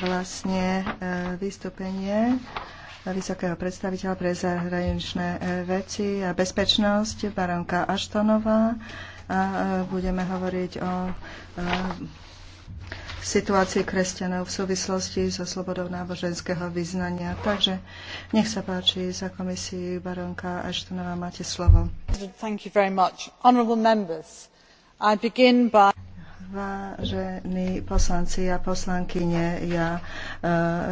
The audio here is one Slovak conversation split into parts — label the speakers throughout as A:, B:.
A: vlastne e, vystúpenie vysokého predstaviteľa pre zahraničné e, veci a bezpečnosť, baronka Aštonová. A e, budeme hovoriť o situácii kresťanov v súvislosti so slobodou náboženského vyznania. Takže nech sa páči za komisii baronka Aštonová, máte slovo. Thank you very much. Honorable members, I begin by... Vážení poslanci a poslankyne, ja e,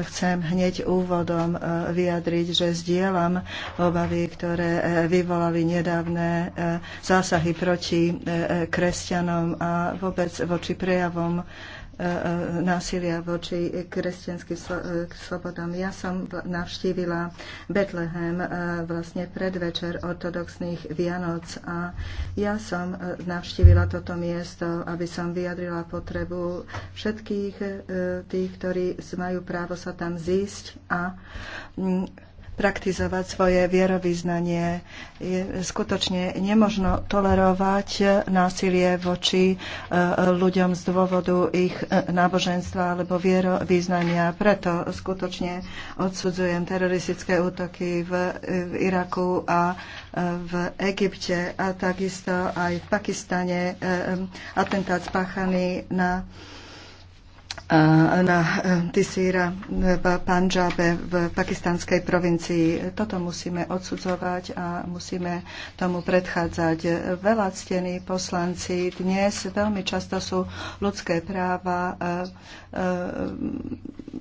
A: chcem hneď úvodom e, vyjadriť, že zdieľam obavy, ktoré e, vyvolali nedávne zásahy proti kresťanom a vôbec voči prejavom E, e, násilia voči kresťanským e, slobodám. Ja som navštívila Betlehem vlastne predvečer ortodoxných Vianoc a ja som navštívila toto miesto, aby som vyjadrila potrebu všetkých tých, ktorí majú právo sa tam zísť a praktizovať svoje vierovýznanie. Je skutočne nemožno tolerovať násilie voči e, ľuďom z dôvodu ich e, náboženstva alebo vierovýznania. Preto skutočne odsudzujem teroristické útoky v, e, v Iraku a v Egypte a takisto aj v Pakistane atentát spáchaný na na eh, Tisíra v eh, Panžabe, v pakistanskej provincii. Toto musíme odsudzovať a musíme tomu predchádzať. Veľa ctení poslanci dnes veľmi často sú ľudské práva eh,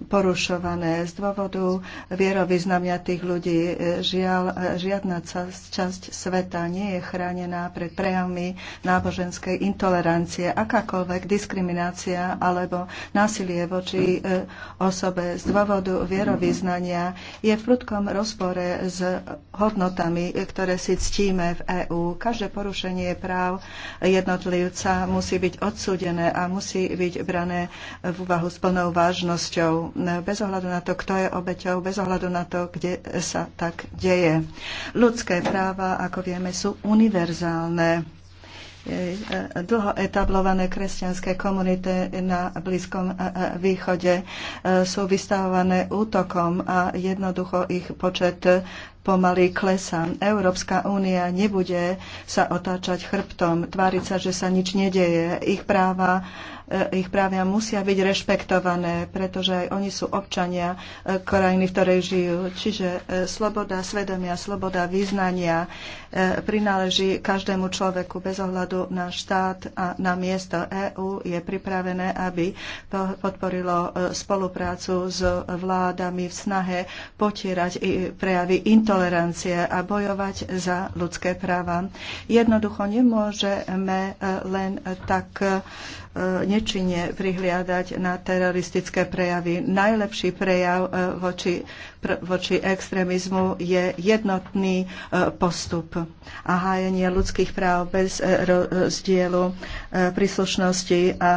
A: porušované z dôvodu vierovýznamia tých ľudí. Žiaľ, žiadna časť sveta nie je chránená pred prejavmi náboženskej intolerancie. Akákoľvek diskriminácia alebo násilie voči eh, osobe z dôvodu vierovýznania je v prudkom rozpore s hodnotami, ktoré si ctíme v EÚ. Každé porušenie práv jednotlivca musí byť odsúdené a musí byť brané v úvahu úvahu s plnou vážnosťou, bez ohľadu na to, kto je obeťou, bez ohľadu na to, kde sa tak deje. Ľudské práva, ako vieme, sú univerzálne e, dlho etablované kresťanské komunity na Blízkom e, e, východe sú vystavované útokom a jednoducho ich počet pomaly klesa. Európska únia nebude sa otáčať chrbtom, tváriť sa, že sa nič nedeje. Ich práva E, ich právia musia byť rešpektované, pretože aj oni sú občania e, krajiny, v ktorej žijú. Čiže e, sloboda svedomia, sloboda vyznania prináleží každému človeku bez ohľadu na štát a na miesto. EÚ je pripravené, aby podporilo spoluprácu s vládami v snahe potierať prejavy intolerancie a bojovať za ľudské práva. Jednoducho nemôžeme len tak ne nečine prihliadať na teroristické prejavy. Najlepší prejav e, voči, voči extrémizmu je jednotný e, postup a hájenie ľudských práv bez e, rozdielu príslušnosti a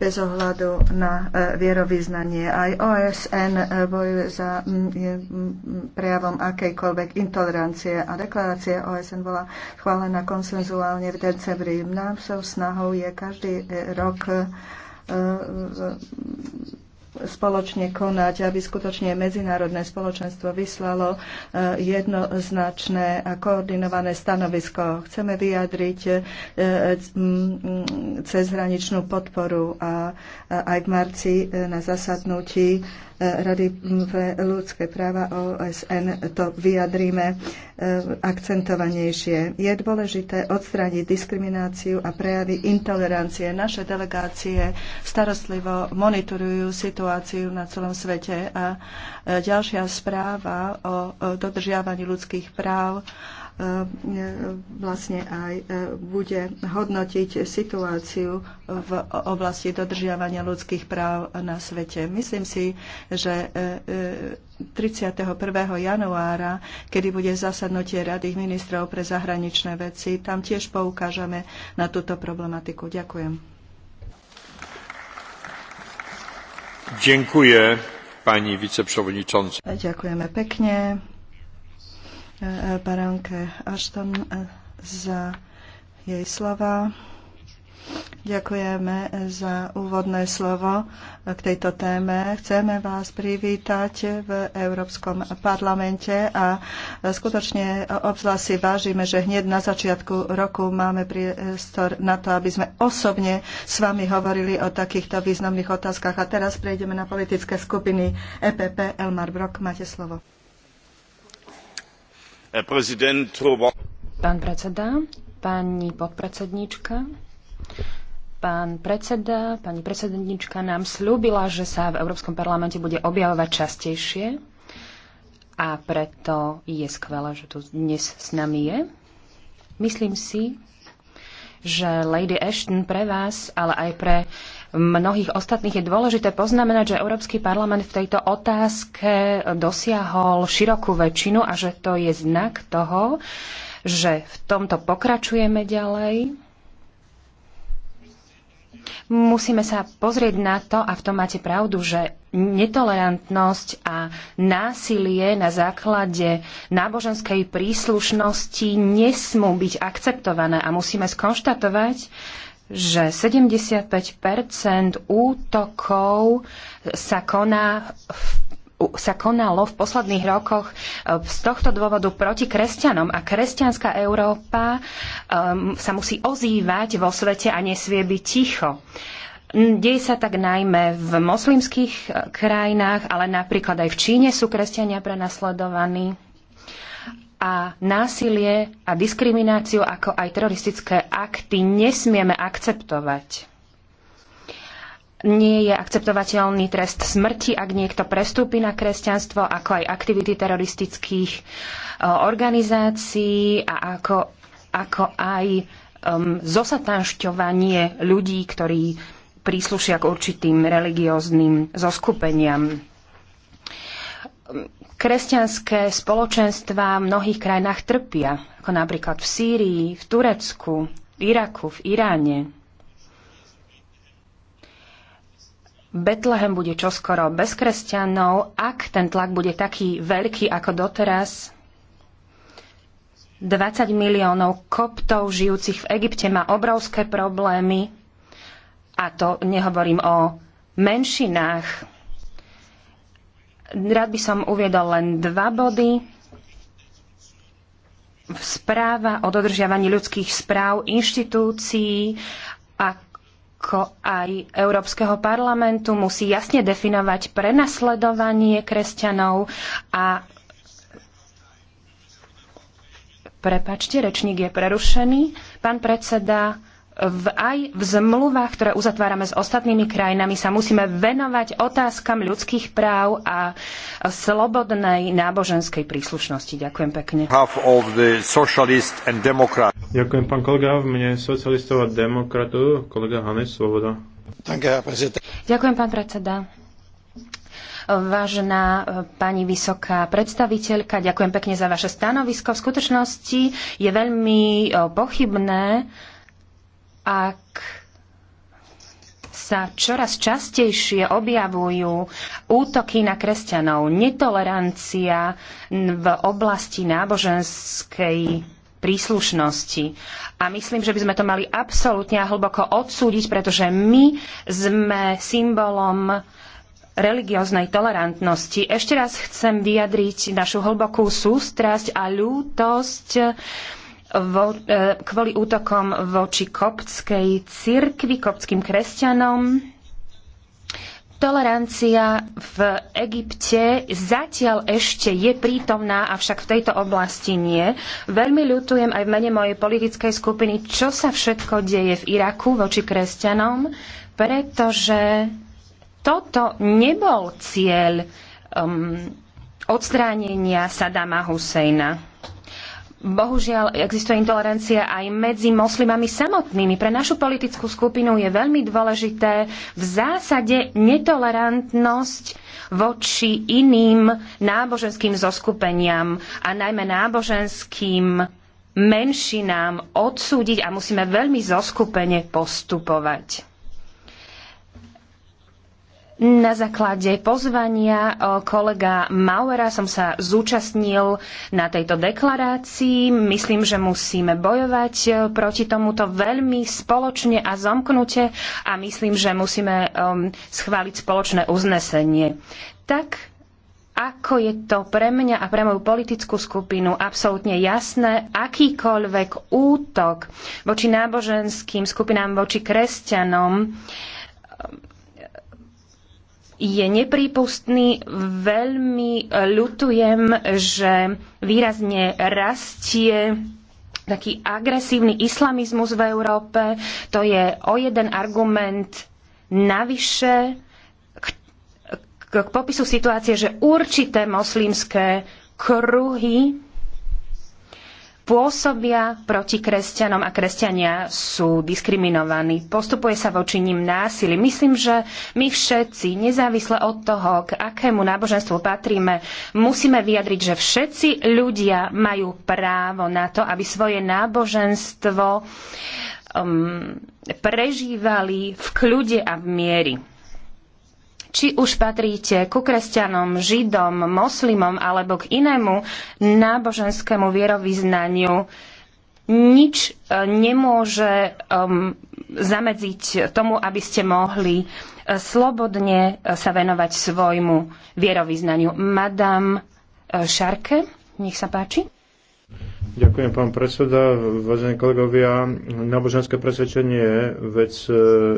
A: bez ohľadu na e, vierovýznanie. Aj OSN e, bojuje za prejavom akejkoľvek intolerancie a deklarácia OSN bola chválená konsenzuálne v decembri. Nám sa snahou je každý e, rok spoločne konať, aby skutočne medzinárodné spoločenstvo vyslalo e, jednoznačné a koordinované stanovisko. Chceme vyjadriť e, e, cezhraničnú podporu a aj v marci na zasadnutí Rady pre ľudské práva OSN to vyjadríme e, akcentovanejšie. Je dôležité odstrániť diskrimináciu a prejavy intolerancie. Naše delegácie starostlivo monitorujú situáciu na celom svete a e, ďalšia správa o dodržiavaní ľudských práv E, vlastne aj e, bude hodnotiť situáciu v oblasti dodržiavania ľudských práv na svete. Myslím si, že 31. E, januára, kedy bude zasadnutie Rady ministrov pre zahraničné veci, tam tiež poukážeme na túto problematiku. Ďakujem.
B: Dziękuję pani wiceprzewodniczącej.
A: Dziękujemy pięknie. Baranke Ashton eh, za jej slova. Ďakujeme eh, za úvodné slovo eh, k tejto téme. Chceme vás privítať v Európskom parlamente a skutočne obzvlášť si vážime, že hneď na začiatku roku máme priestor na to, aby sme osobne s vami hovorili o takýchto významných otázkach. A teraz prejdeme na politické skupiny EPP. Elmar Brok, máte slovo.
C: Pán
A: predseda, pani podpredsedníčka,
D: pán predseda, pani predsedníčka nám slúbila, že sa v Európskom parlamente bude objavovať častejšie a preto je skvelé, že tu dnes s nami je. Myslím si, že Lady Ashton pre vás, ale aj pre mnohých ostatných, je dôležité poznamenať, že Európsky parlament v tejto otázke dosiahol širokú väčšinu a že to je znak toho, že v tomto pokračujeme ďalej. Musíme sa pozrieť na to, a v tom máte pravdu, že netolerantnosť a násilie na základe náboženskej príslušnosti nesmú byť akceptované a musíme skonštatovať, že 75 útokov sa koná v sa konalo v posledných rokoch e, z tohto dôvodu proti kresťanom a kresťanská Európa um, sa musí ozývať vo svete a nesvie byť ticho. Deje sa tak najmä v moslimských e, krajinách, ale napríklad aj v Číne sú kresťania prenasledovaní a násilie a diskrimináciu, ako aj teroristické akty nesmieme akceptovať. Nie je akceptovateľný trest smrti, ak niekto prestúpi na kresťanstvo, ako aj aktivity teroristických e, organizácií a ako, ako aj um, zosatanšťovanie ľudí, ktorí príslušia k určitým religióznym zoskupeniam kresťanské spoločenstva v mnohých krajinách trpia, ako napríklad v Sýrii, v Turecku, v Iraku, v Iráne. Betlehem bude čoskoro bez kresťanov, ak ten tlak bude taký veľký ako doteraz. 20 miliónov koptov žijúcich v Egypte má obrovské problémy. A to nehovorím o menšinách, Rád by som uviedol len dva body. Správa o dodržiavaní ľudských správ inštitúcií ako aj Európskeho parlamentu musí jasne definovať prenasledovanie kresťanov a Prepačte, rečník je prerušený. Pán predseda, v, aj v zmluvách, ktoré uzatvárame s ostatnými krajinami, sa musíme venovať otázkam ľudských práv a slobodnej náboženskej príslušnosti. Ďakujem pekne.
B: Ďakujem, pán kolega. V mene socialistov a demokratov, kolega Hanes Svoboda.
D: Ďakujem, pán predseda. Vážená eh, pani vysoká predstaviteľka, ďakujem pekne za vaše stanovisko. V skutočnosti je veľmi eh, pochybné, ak sa čoraz častejšie objavujú útoky na kresťanov, netolerancia v oblasti náboženskej príslušnosti. A myslím, že by sme to mali absolútne a hlboko odsúdiť, pretože my sme symbolom religióznej tolerantnosti. Ešte raz chcem vyjadriť našu hlbokú sústrasť a ľútosť E, kvôli útokom voči koptskej cirkvi, koptským kresťanom. Tolerancia v Egypte zatiaľ ešte je prítomná, avšak v tejto oblasti nie. Veľmi ľutujem aj v mene mojej politickej skupiny, čo sa všetko deje v Iraku voči kresťanom, pretože toto nebol cieľ um, odstránenia Sadama Husejna. Bohužiaľ, existuje intolerancia aj medzi moslimami samotnými. Pre našu politickú skupinu je veľmi dôležité v zásade netolerantnosť voči iným náboženským zoskupeniam a najmä náboženským menšinám odsúdiť a musíme veľmi zoskupene postupovať. Na základe pozvania kolega Mauera som sa zúčastnil na tejto deklarácii. Myslím, že musíme bojovať proti tomuto veľmi spoločne a zomknute a myslím, že musíme schváliť spoločné uznesenie. Tak ako je to pre mňa a pre moju politickú skupinu absolútne jasné, akýkoľvek útok voči náboženským skupinám, voči kresťanom, je neprípustný. Veľmi e, ľutujem, že výrazne rastie taký agresívny islamizmus v Európe. To je o jeden argument navyše k, k, k popisu situácie, že určité moslimské kruhy pôsobia proti kresťanom a kresťania sú diskriminovaní. Postupuje sa voči ním násilí. Myslím, že my všetci, nezávisle od toho, k akému náboženstvu patríme, musíme vyjadriť, že všetci ľudia majú právo na to, aby svoje náboženstvo um, prežívali v kľude a v miery či už patríte ku kresťanom, židom, moslimom alebo k inému náboženskému vierovýznaniu, nič e, nemôže um, zamedziť tomu, aby ste mohli e, slobodne e, sa venovať svojmu vierovýznaniu. Madame Šarke, nech sa páči.
B: Ďakujem, pán predseda. Vážení kolegovia, náboženské presvedčenie je vec e,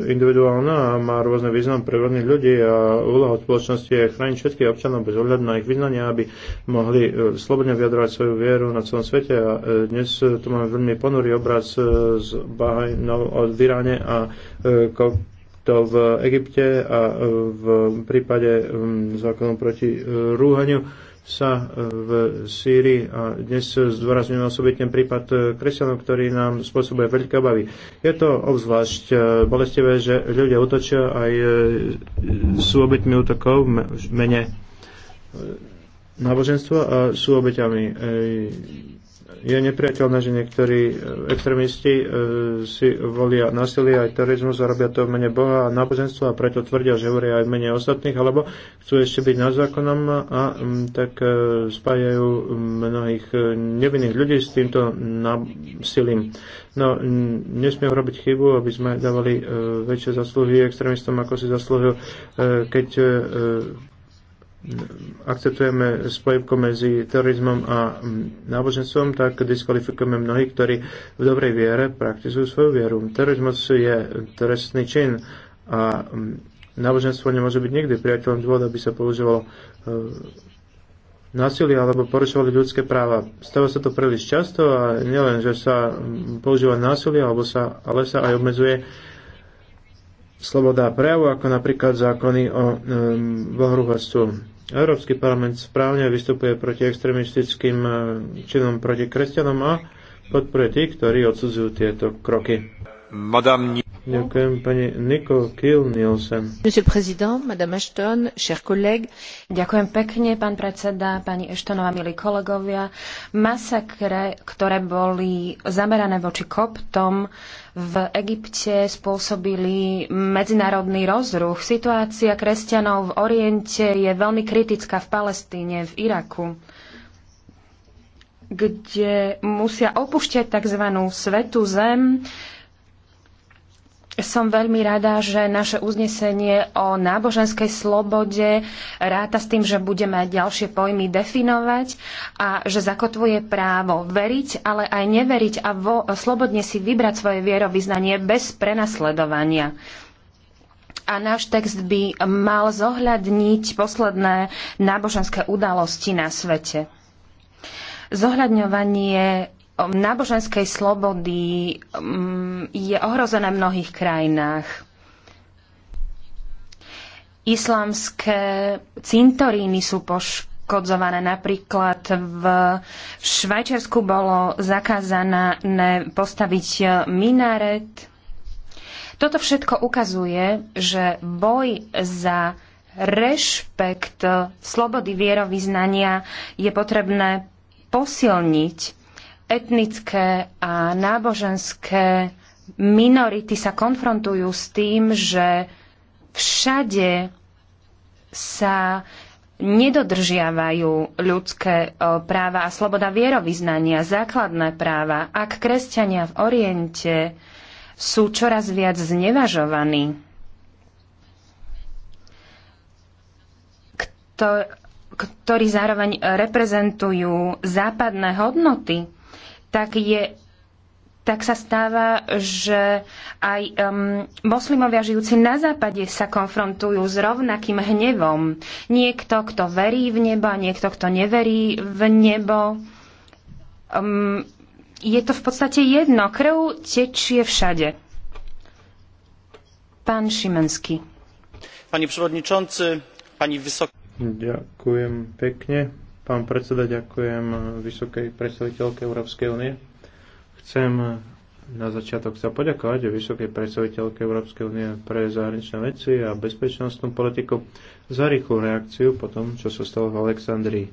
B: individuálna a má rôzne význam pre rôznych ľudí a úloha spoločnosti je chrániť všetkých občanov bez ohľadu na ich vyznania, aby mohli e, slobodne vyjadrovať svoju vieru na celom svete. A e, dnes tu máme veľmi ponurý obraz z Bahajnov od Iráne a to v Egypte a v prípade zákonu proti rúhaniu sa e, v Sýrii a dnes zdôrazňujeme osobitne prípad e, kresťanov, ktorý nám spôsobuje veľké obavy. Je to obzvlášť e, bolestivé, že ľudia útočia aj sú obytmi útokov v mene náboženstva a sú obeťami je nepriateľné, že niektorí e, extrémisti e, si volia násilie aj terorizmus a robia to v mene Boha a náboženstva a preto tvrdia, že hovoria aj v mene ostatných, alebo chcú ešte byť nad zákonom a mm, tak e, spájajú mm, mnohých nevinných ľudí s týmto násilím. No, mm, nesmiem robiť chybu, aby sme dávali väčšie zasluhy extrémistom, ako si zaslúhil, keď akceptujeme spojku medzi terorizmom a mm, náboženstvom, tak diskvalifikujeme mnohých, ktorí v dobrej viere praktizujú svoju vieru. Terorizmus je trestný čin a mm, náboženstvo nemôže byť nikdy priateľom dôvod, aby sa používalo e, násilie alebo porušovali ľudské práva. Stáva sa to príliš často a nielen, že sa mm, používa násilie, alebo sa, ale sa aj obmedzuje sloboda prejavu, ako napríklad zákony o um, bohruhostvu. Európsky parlament správne vystupuje proti extremistickým eh, činom proti kresťanom a podporuje tých, ktorí odsudzujú tieto kroky. Madame... Ďakujem pani Niko Kiel Nielsen.
D: Monsieur Président, Madame Ashton, chers collègues. Ďakujem pekne, pán predseda, pani Ashtonová, milí kolegovia. Masakre, ktoré boli zamerané voči koptom, v Egypte spôsobili medzinárodný rozruch. Situácia kresťanov v Oriente je veľmi kritická v Palestíne, v Iraku kde musia opúšťať tzv. svetú zem, som veľmi rada, že naše uznesenie o náboženskej slobode ráta s tým, že budeme ďalšie pojmy definovať a že zakotvuje právo veriť, ale aj neveriť a vo, slobodne si vybrať svoje vierovýznanie bez prenasledovania a náš text by mal zohľadniť posledné náboženské udalosti na svete. Zohľadňovanie Ehm, náboženskej slobody ehm, je ohrozené v mnohých krajinách. Islamské cintoríny sú poškodzované. Napríklad v Švajčiarsku bolo zakázané postaviť minaret. Toto všetko ukazuje, že boj za rešpekt slobody vierovýznania je potrebné posilniť etnické a náboženské minority sa konfrontujú s tým, že všade sa nedodržiavajú ľudské e, práva a sloboda vierovýznania, základné práva, ak kresťania v Oriente sú čoraz viac znevažovaní, ktorí zároveň reprezentujú západné hodnoty, tak je tak sa stáva, že aj um, moslimovia žijúci na západe sa konfrontujú s rovnakým hnevom. Niekto, kto verí v nebo, niekto, kto neverí v nebo. Um, je to v podstate jedno. Krv tečie všade. Pán Šimenský.
E: Pani przewodniczący, pani wysoka...
B: Ďakujem pekne. Pán predseda, ďakujem vysokej predstaviteľke Európskej únie. Chcem na začiatok sa poďakovať vysokej predstaviteľke Európskej únie pre zahraničné veci a bezpečnostnú politiku za rýchlu reakciu po tom, čo sa stalo v Alexandrii.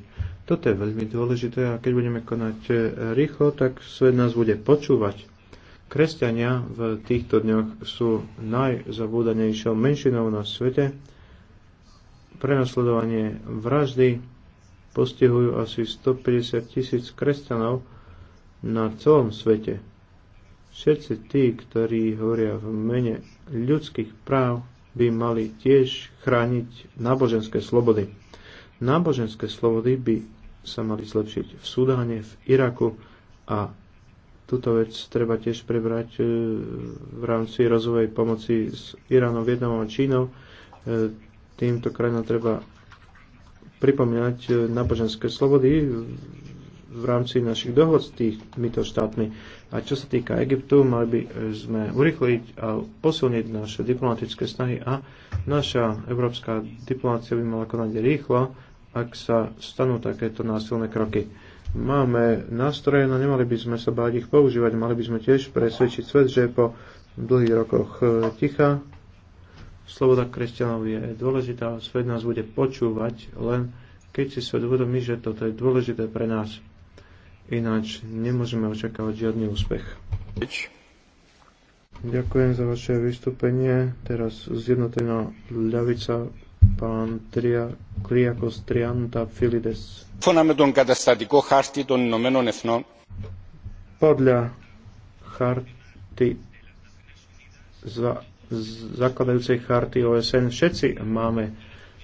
B: Toto je veľmi dôležité a keď budeme konať rýchlo, tak svet nás bude počúvať. Kresťania v týchto dňoch sú najzabúdanejšou menšinou na svete. Prenasledovanie vraždy postihujú asi 150 tisíc kresťanov na celom svete. Všetci tí, ktorí hovoria v mene ľudských práv, by mali tiež chrániť náboženské slobody. Náboženské slobody by sa mali zlepšiť v Sudáne, v Iraku a túto vec treba tiež prebrať e, v rámci rozvojej pomoci s Iránom, Vietnamom a Čínou. E, týmto krajinám treba pripomínať e, náboženské slobody v rámci našich dohod s týmito štátmi. A čo sa týka Egyptu, mali by e, sme urychliť a posilniť naše diplomatické snahy a naša európska diplomácia by mala konať rýchlo, ak sa stanú takéto násilné kroky. Máme nástroje, no nemali by sme sa báť ich používať, mali by sme tiež presvedčiť svet, že po dlhých rokoch e, ticha sloboda kresťanov je dôležitá, svet nás bude počúvať len keď si svet uvedomí, že toto je dôležité pre nás. Ináč nemôžeme očakávať žiadny úspech. Ďakujem za vaše vystúpenie. Teraz zjednotená ľavica pán Tria, Kriakos Trianta Filides. Podľa charty za zakladajúcej charty OSN. Všetci máme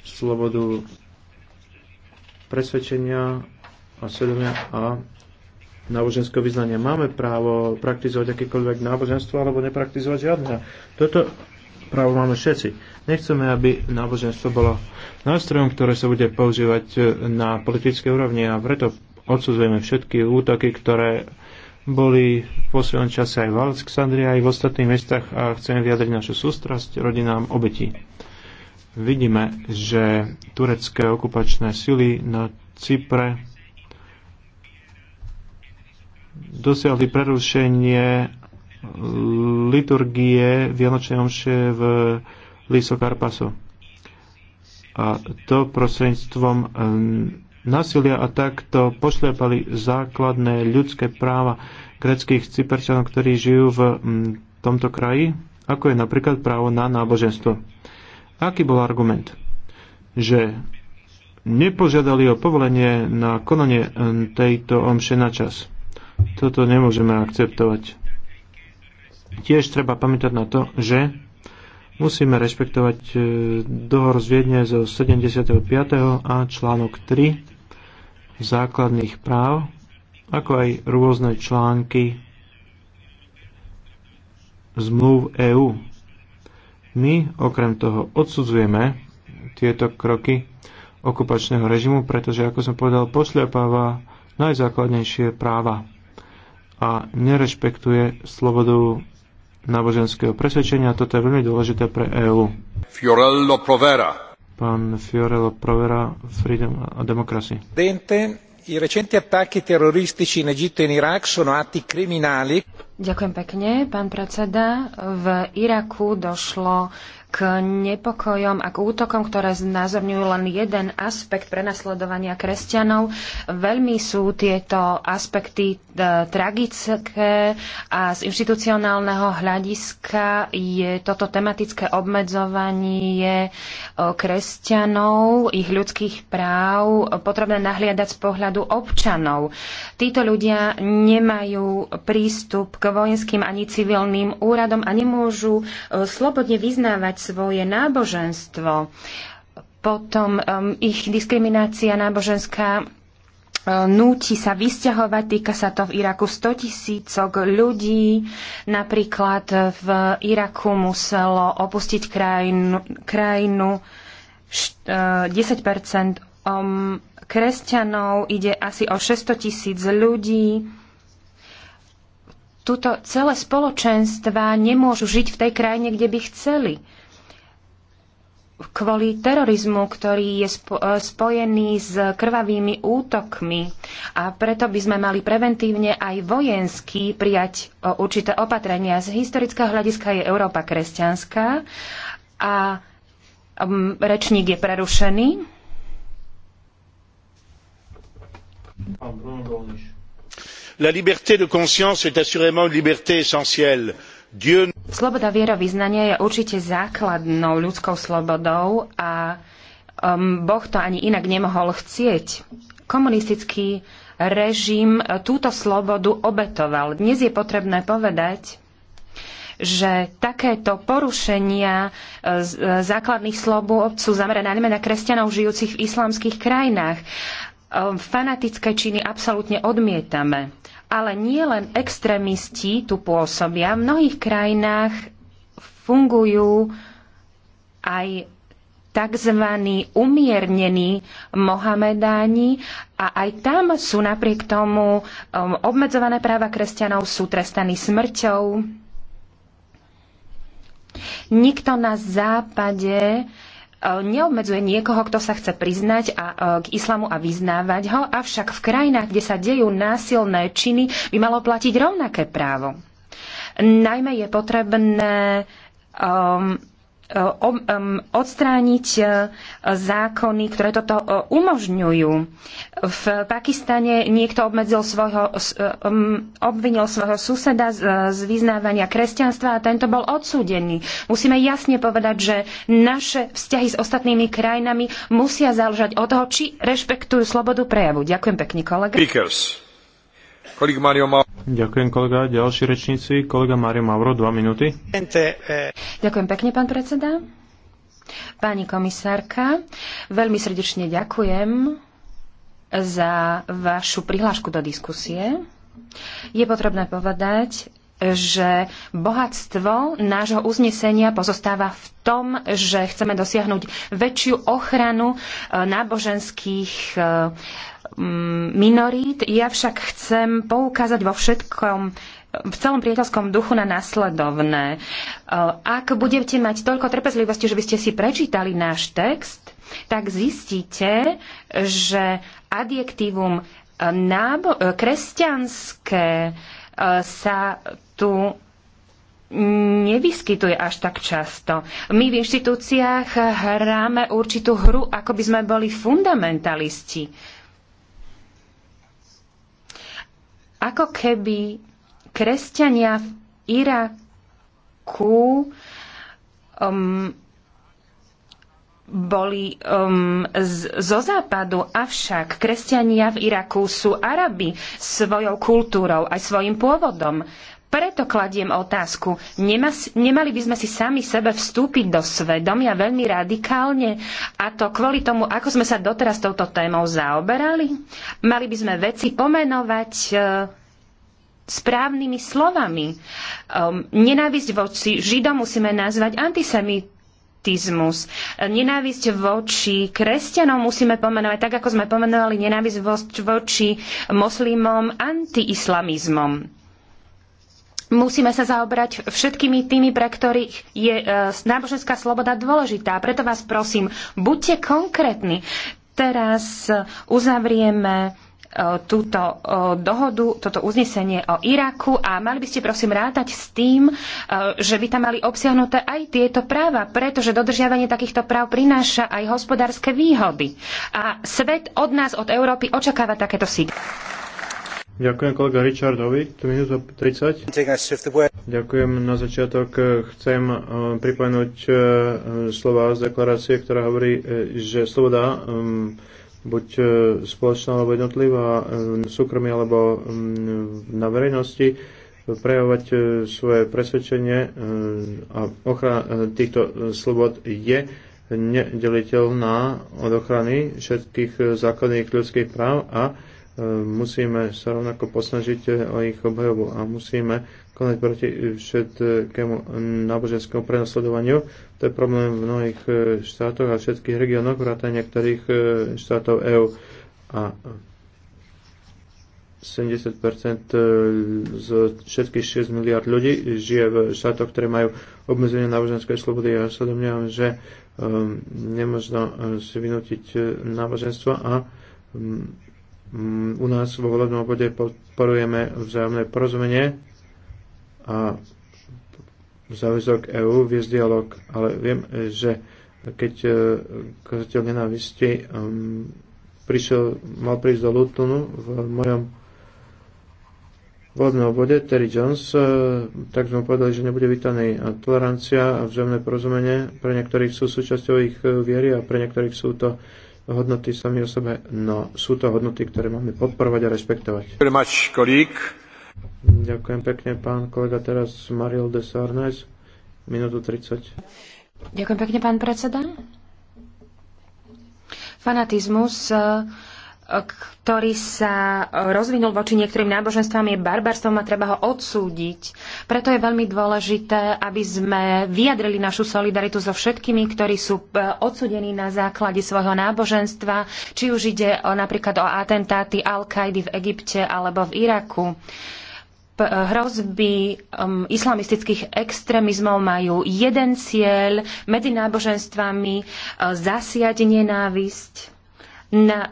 B: slobodu presvedčenia a svedomia a náboženského vyznania. Máme právo praktizovať akékoľvek náboženstvo alebo nepraktizovať žiadne. Toto právo máme všetci. Nechceme, aby náboženstvo bolo nástrojom, ktoré sa bude používať na politické úrovni a preto odsudzujeme všetky útoky, ktoré boli v poslednom čase aj v Alexandrii, aj v ostatných mestách a chceme vyjadriť našu sústrasť rodinám obetí. Vidíme, že turecké okupačné sily na Cypre dosiahli prerušenie liturgie Vianočnej omše v Lisokarpaso. A to prostredníctvom násilia a takto pošliapali základné ľudské práva greckých cyperčanov, ktorí žijú v mm, tomto kraji, ako je napríklad právo na náboženstvo. Aký bol argument? Že nepožiadali o povolenie na konanie mm, tejto omše na čas. Toto nemôžeme akceptovať. Tiež treba pamätať na to, že musíme rešpektovať e, dohor z Viedne zo 75. a článok 3 základných práv, ako aj rôzne články zmluv EÚ. My okrem toho odsudzujeme tieto kroky okupačného režimu, pretože, ako som povedal, posľapáva najzákladnejšie práva a nerešpektuje slobodu náboženského presvedčenia. Toto je veľmi dôležité pre EÚ.
E: Fiorello Provera.
B: Pán Fiorello Provera, Freedom a Democracy.
E: Dente. I recenti attacchi terroristici in Egitto e in
C: Iraq sono atti criminali.
D: Ďakujem pekne, pán predseda. V Iraku došlo k nepokojom a k útokom, ktoré znázorňujú len jeden aspekt prenasledovania kresťanov. Veľmi sú tieto aspekty e, tragické a z inštitucionálneho hľadiska je toto tematické obmedzovanie e, kresťanov, ich ľudských práv potrebné nahliadať z pohľadu občanov. Títo ľudia nemajú prístup k vojenským ani civilným úradom a nemôžu e, slobodne vyznávať svoje náboženstvo. Potom um, ich diskriminácia náboženská um, núti sa vysťahovať, týka sa to v Iraku 100 tisícok ľudí. Napríklad v Iraku muselo opustiť krajinu, krajinu 10 uh, um, kresťanov, ide asi o 600 tisíc ľudí. Tuto celé spoločenstva nemôžu žiť v tej krajine, kde by chceli kvôli terorizmu, ktorý je e, spojený s krvavými útokmi. A preto by sme mali preventívne aj vojensky prijať e, určité opatrenia. Z historického hľadiska je Európa kresťanská a rečník je prerušený.
B: La liberté de conscience est assurément une liberté essentielle
D: Sloboda vierovýznania je určite základnou ľudskou slobodou a um, Boh to ani inak nemohol chcieť. Komunistický režim túto slobodu obetoval. Dnes je potrebné povedať, že takéto porušenia e, e, základných slobôd sú zamerané najmä na kresťanov žijúcich v islamských krajinách. E, fanatické činy absolútne odmietame. Ale nie len extrémisti tu pôsobia. V mnohých krajinách fungujú aj tzv. umiernení Mohamedáni a aj tam sú napriek tomu um, obmedzované práva kresťanov, sú trestaní smrťou. Nikto na západe Eh, neobmedzuje niekoho, kto sa chce priznať a, eh, k islamu a vyznávať ho, avšak v krajinách, kde sa dejú násilné činy, by malo platiť rovnaké právo. Najmä je potrebné um, Eh, odstrániť eh, zákony, ktoré toto eh, umožňujú. V Pakistane niekto obmedzil svojho, obvinil svojho suseda z vyznávania kresťanstva a tento bol odsúdený. Musíme jasne povedať, že naše vzťahy s ostatnými krajinami musia záležať od toho, či rešpektujú slobodu prejavu. Ďakujem pekne, kolega.
B: Ďakujem kolega. Ďalší rečníci. Kolega Mario Mauro, dva minúty.
D: Ďakujem pekne, pán predseda. Pani komisárka, veľmi srdečne ďakujem za vašu prihlášku do diskusie. Je potrebné povedať, že bohatstvo nášho uznesenia pozostáva v tom, že chceme dosiahnuť väčšiu ochranu eh, náboženských eh, Mm, minorít. Ja však chcem poukázať vo všetkom v celom priateľskom duchu na následovné. Ehm, ak budete mať toľko trpezlivosti, že by ste si prečítali náš text, tak zistíte, že adjektívum ehm, nábo- e, kresťanské e, sa tu nevyskytuje až tak často. My v inštitúciách hráme určitú hru, ako by sme boli fundamentalisti Ako keby kresťania v Iraku um, boli um, z, zo západu, avšak kresťania v Iraku sú Arabi svojou kultúrou aj svojim pôvodom. Preto kladiem otázku, nemali by sme si sami sebe vstúpiť do svedomia veľmi radikálne a to kvôli tomu, ako sme sa doteraz touto témou zaoberali? Mali by sme veci pomenovať e, správnymi slovami. Ehm, nenávisť voči Židom musíme nazvať antisemitizmom antisemitizmus. E, nenávisť voči kresťanom musíme pomenovať tak, ako sme pomenovali nenávisť voči moslimom antiislamizmom musíme sa zaobrať všetkými tými, pre ktorých je e, náboženská sloboda dôležitá. Preto vás prosím, buďte konkrétni. Teraz e, uzavrieme e, túto e, dohodu, toto uznesenie o Iraku a mali by ste prosím rátať s tým, že by tam mali obsiahnuté aj tieto práva, pretože dodržiavanie takýchto práv prináša aj hospodárske výhody. A svet od nás, od Európy očakáva takéto signály.
B: Ďakujem kolega Richardovi, tu minúto 30. Ďakujem na začiatok. Eh, chcem eh, pripomenúť eh, slova z deklarácie, ktorá hovorí, že sloboda ehm, buď spoločná alebo jednotlivá, ehm, súkromí alebo ehm, na verejnosti, prejavovať svoje presvedčenie a ochrana týchto slobod je nedeliteľná od ochrany všetkých základných ľudských práv a musíme sa rovnako posnažiť o ich obhajobu a musíme konať proti všetkému náboženskému prenasledovaniu. To je problém v mnohých e, štátoch a všetkých regiónoch, vrátane niektorých e, štátov EÚ. A 70% e, z všetkých 6 miliard ľudí žije v štátoch, ktoré majú obmedzenie náboženskej slobody. Ja sa domňujem, že um, nemožno si vynútiť náboženstvo a Mm, u nás vo volebnom obode podporujeme vzájomné porozumenie a záväzok EÚ viesť dialog, ale viem, že keď e, kazateľ nenávisti mm, prišiel, mal prísť do Lutonu v mojom volebnom obvode, Terry Jones, e, tak sme povedali, že nebude vítaný. A tolerancia a vzájomné porozumenie pre niektorých sú súčasťou ich e, viery a pre niektorých sú to uh, hodnoty sami o sebe, no sú to hodnoty, ktoré máme podporovať a rešpektovať. Ďakujem pekne, pán kolega. Teraz Mariel de Sarnes, minútu 30.
D: Ďakujem pekne, pán predseda. Fanatizmus uh, ktorý sa rozvinul voči niektorým náboženstvám, je barbarstvom a treba ho odsúdiť. Preto je veľmi dôležité, aby sme vyjadrili našu solidaritu so všetkými, ktorí sú e, odsúdení na základe svojho náboženstva, či už ide o, napríklad o atentáty Al-Kaidy v Egypte alebo v Iraku e, hrozby um, islamistických extrémizmov majú jeden cieľ medzi náboženstvami uh, e, zasiať nenávisť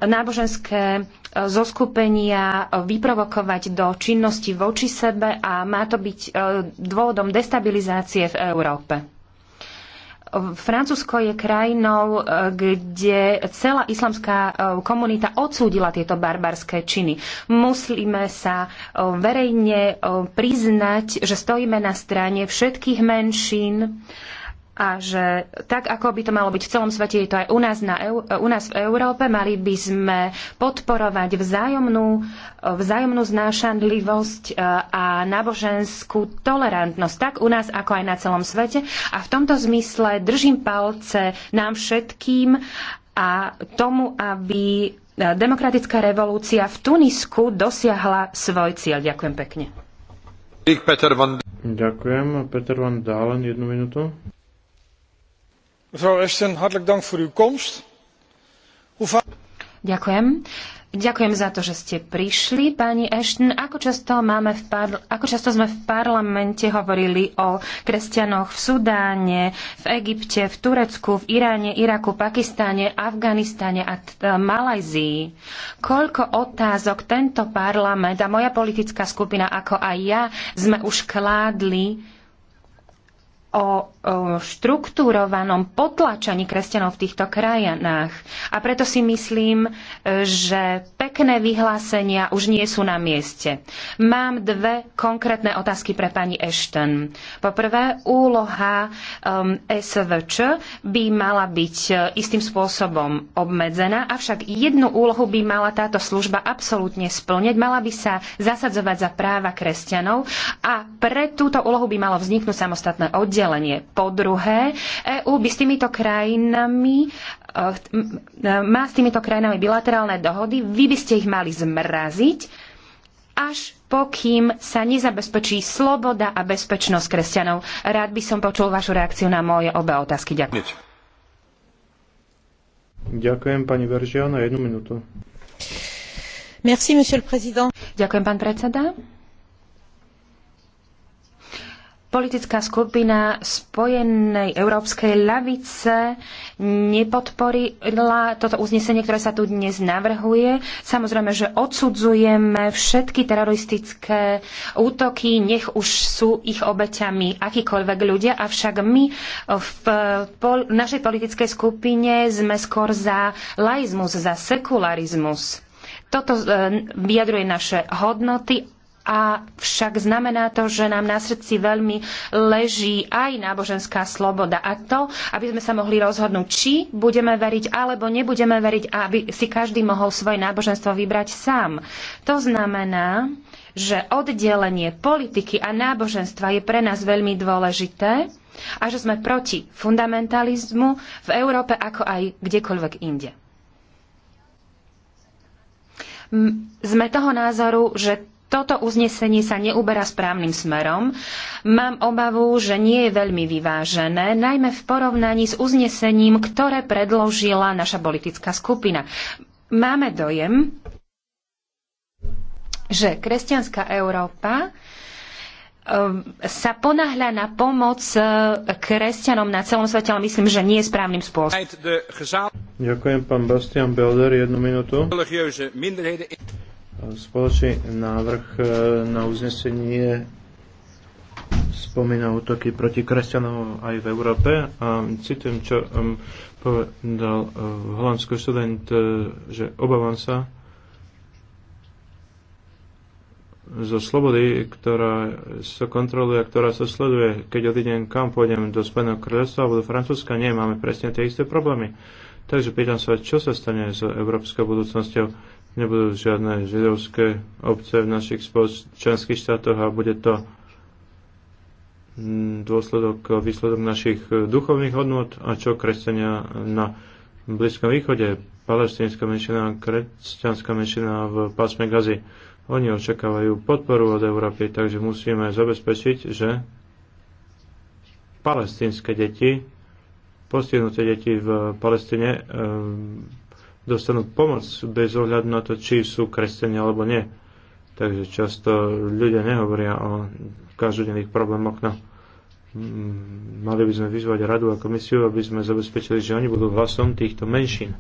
D: náboženské e, zoskupenia e, vyprovokovať do činnosti voči sebe a má to byť e, dôvodom destabilizácie v Európe. Francúzsko je krajinou, kde celá islamská komunita odsúdila tieto barbarské činy. Musíme sa verejne priznať, že stojíme na strane všetkých menšín a že tak, ako by to malo byť v celom svete, je to aj u nás, na, u nás v Európe, mali by sme podporovať vzájomnú, vzájomnú znášanlivosť e, a náboženskú tolerantnosť, tak u nás, ako aj na celom svete. A v tomto zmysle držím palce nám všetkým a tomu, aby e, demokratická revolúcia v Tunisku dosiahla svoj cieľ. Ďakujem pekne.
B: Ďakujem. Peter Van Dalen, jednu minútu. Mevrouw Ashton, hartelijk dank voor uw komst.
D: Ďakujem. Ďakujem za to, že ste prišli, pani Ashton. Ako často, máme v ako často sme v parlamente hovorili o kresťanoch v Sudáne, v Egypte, v Turecku, v Iráne, Iraku, Pakistáne, Afganistane a t- e, Malajzii. Koľko otázok tento parlament a moja politická skupina, ako aj ja, sme už kládli o, štruktúrovanom potlačaní kresťanov v týchto krajinách. A preto si myslím, e, že pekné vyhlásenia už nie sú na mieste. Mám dve konkrétne otázky pre pani Ashton. Poprvé, úloha um, SVČ by mala byť e, istým spôsobom obmedzená, avšak jednu úlohu by mala táto služba absolútne splňať. Mala by sa zasadzovať za práva kresťanov a pre túto úlohu by malo vzniknúť samostatné oddelenie oddelenie. Po druhé, EÚ by s týmito krajinami e, e, má s týmito krajinami bilaterálne dohody, vy by ste ich mali zmraziť, až pokým sa nezabezpečí sloboda a bezpečnosť kresťanov. Rád by som počul vašu reakciu na moje obe otázky. Ďakujem.
B: Ďakujem pani Veržia na jednu minútu.
D: Merci, monsieur le président. Ďakujem, pán predseda politická skupina Spojenej európskej ľavice nepodporila toto uznesenie, ktoré sa tu dnes navrhuje. Samozrejme, že odsudzujeme všetky teroristické útoky, nech už sú ich obeťami akýkoľvek ľudia, avšak my v pol- našej politickej skupine sme skôr za laizmus, za sekularizmus. Toto e, vyjadruje naše hodnoty a však znamená to, že nám na srdci veľmi leží aj náboženská sloboda a to, aby sme sa mohli rozhodnúť, či budeme veriť alebo nebudeme veriť a aby si každý mohol svoje náboženstvo vybrať sám. To znamená, že oddelenie politiky a náboženstva je pre nás veľmi dôležité a že sme proti fundamentalizmu v Európe ako aj kdekoľvek inde. Sme toho názoru, že toto uznesenie sa neuberá správnym smerom. Mám obavu, že nie je veľmi vyvážené, najmä v porovnaní s uznesením, ktoré predložila naša politická skupina. Máme dojem, že kresťanská Európa ehm, sa ponáhľa na pomoc e, kresťanom na celom svete, ale myslím, že nie je správnym spôsobom.
B: Ďakujem, pán Bastian Belder, jednu minútu. Spoločný návrh e, na uznesenie spomína útoky proti kresťanom aj v Európe. A citujem, čo povedal e, holandský študent, e, že obávam sa zo slobody, ktorá sa kontroluje, ktorá sa sleduje. Keď odídem kam, pôjdem do Spojeného kráľovstva alebo do Francúzska, nie, máme presne tie isté problémy. Takže pýtam sa, čo sa stane s európskou budúcnosťou nebudú žiadne židovské obce v našich členských štátoch a bude to mm, dôsledok, výsledok našich e, duchovných hodnot a čo kresťania na Blízkom východe, palestínska menšina a kresťanská menšina v pásme Gazy. Oni očakávajú podporu od Európy, takže musíme zabezpečiť, že palestínske deti, postihnuté deti v Palestine e, dostanú pomoc bez ohľadu na to, či sú kresťania alebo nie. Takže často ľudia nehovoria o každodenných problémoch. No, mm, mali by sme vyzvať radu a komisiu, aby sme zabezpečili, že oni budú hlasom týchto menšín.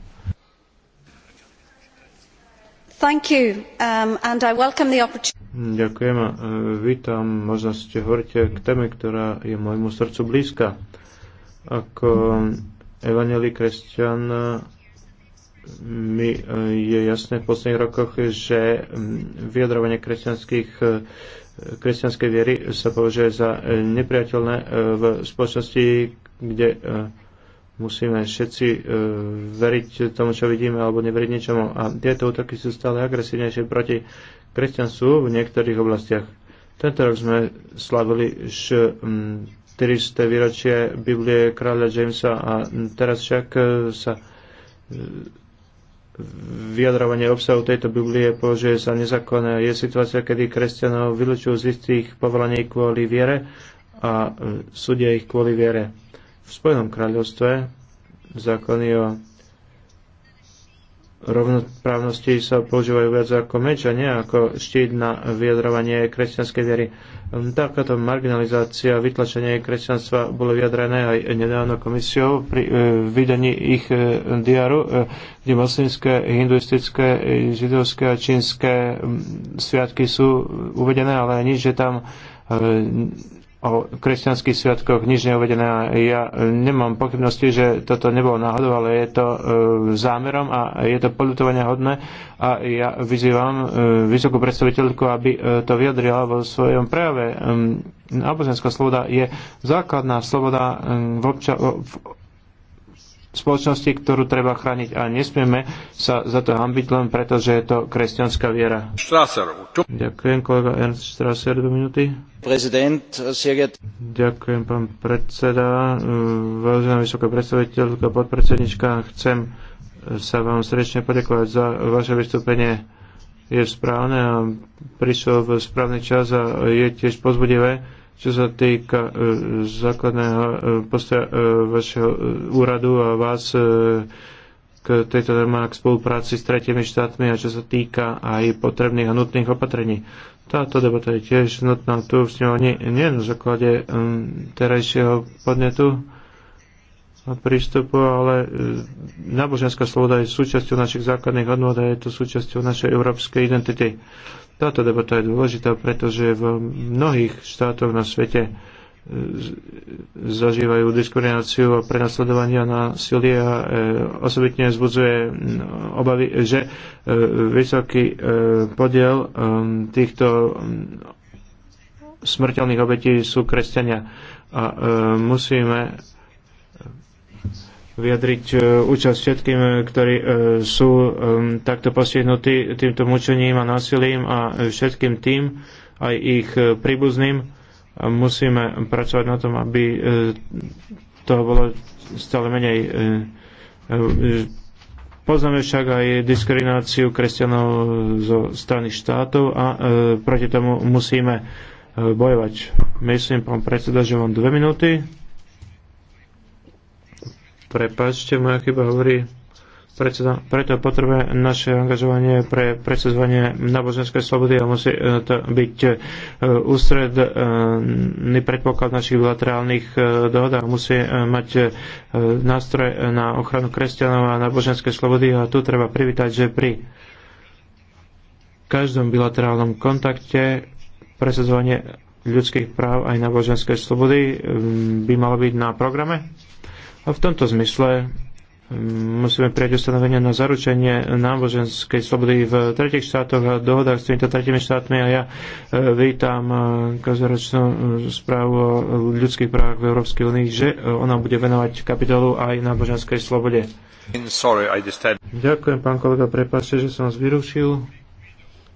A: Thank you, um, and I welcome the opportunity.
B: Ďakujem a e, vítam možnosť hovoriť k téme, ktorá je môjmu srdcu blízka. Ako evanelí kresťan mi e, je jasné v posledných rokoch, že vyjadrovanie kresťanských e, kresťanskej viery sa považuje za e, nepriateľné v spoločnosti, kde musíme všetci veriť tomu, čo vidíme, alebo neveriť niečomu. A tieto útoky sú stále agresívnejšie proti kresťanstvu v niektorých oblastiach. Tento rok sme slavili 400. výročie Biblie kráľa Jamesa a teraz však sa vyjadrovanie obsahu tejto Biblie považuje za nezákonné. Je situácia, kedy kresťanov vylúčujú z istých povolaní kvôli viere a e, súdia ich kvôli viere. V Spojenom kráľovstve zákony o rovnoprávnosti sa používajú viac ako meč a nie ako štít na vyjadrovanie kresťanskej viery. Hm, takáto marginalizácia, vytlačenie kresťanstva bolo vyjadrené aj nedávno komisiou pri e, vydaní ich e, diaru, e, kde moslimské, hinduistické, e, židovské a čínske hm, sviatky sú uvedené, ale nič, že tam e, o kresťanských sviatkoch nič neuvedené a ja nemám pochybnosti, že toto nebolo náhodou, ale je to e, zámerom a je to poľutovania hodné a ja vyzývam e, vysokú predstaviteľku, aby e, to vyjadrila vo svojom prejave. Náboženská sloboda je základná sloboda v, obča- v spoločnosti, ktorú treba chrániť a nesmieme sa za to hambiť len preto, že je to kresťanská viera. Strasser. Ďakujem, kolega Ernst Strasser, do minúty. Prezident, Sieget. Ďakujem, pán predseda. Vážená vysoká predstaviteľka, podpredsednička, chcem sa vám srdečne poďakovať za vaše vystúpenie. Je správne a prišlo v správny čas a je tiež pozbudivé čo sa týka e, základného e, postoja e, vašeho úradu a vás k tejto téme k spolupráci s tretimi štátmi a čo sa týka aj potrebných a nutných opatrení. Táto debata je tiež nutná tu v snemovni, nie na základe um, terajšieho podnetu, prístupu, ale e, náboženská sloboda je súčasťou našich základných hodnot a je to súčasťou našej európskej identity. Táto debata je dôležitá, pretože v mnohých štátoch na svete e, zažívajú diskrimináciu a prenasledovania na silie a e, osobitne zbudzuje obavy, že vysoký podiel týchto smrteľných obetí sú kresťania a musíme vyjadriť e, účasť všetkým, e, ktorí e, sú takto postihnutí týmto mučením a násilím a všetkým tým, aj ich príbuzným. Musíme pracovať na tom, aby to bolo stále menej. Poznáme však aj diskrimináciu kresťanov zo strany štátov a proti tomu musíme bojovať. Myslím, pán predseda, že mám dve minúty. Prepačte, moja chyba hovorí predseda, preto potrebuje naše angažovanie pre predsedovanie náboženskej slobody a musí e, to byť e, ústredný predpoklad našich bilaterálnych e, dohodách. Musí mať nástroje na ochranu kresťanov a náboženskej slobody a tu treba privítať, že pri každom bilaterálnom kontakte presadzovanie ľudských práv aj náboženskej slobody by malo byť na programe a v tomto zmysle mm, musíme prijať ustanovenia na zaručenie náboženskej slobody v tretich štátoch a dohodách s týmito tretimi štátmi a ja e, vítam e, každoročnú e, správu o ľudských právach v Európskej únii, že ona bude venovať kapitolu aj náboženskej slobode. Sorry, Ďakujem, pán kolega, prepáčte, že som vás vyrušil.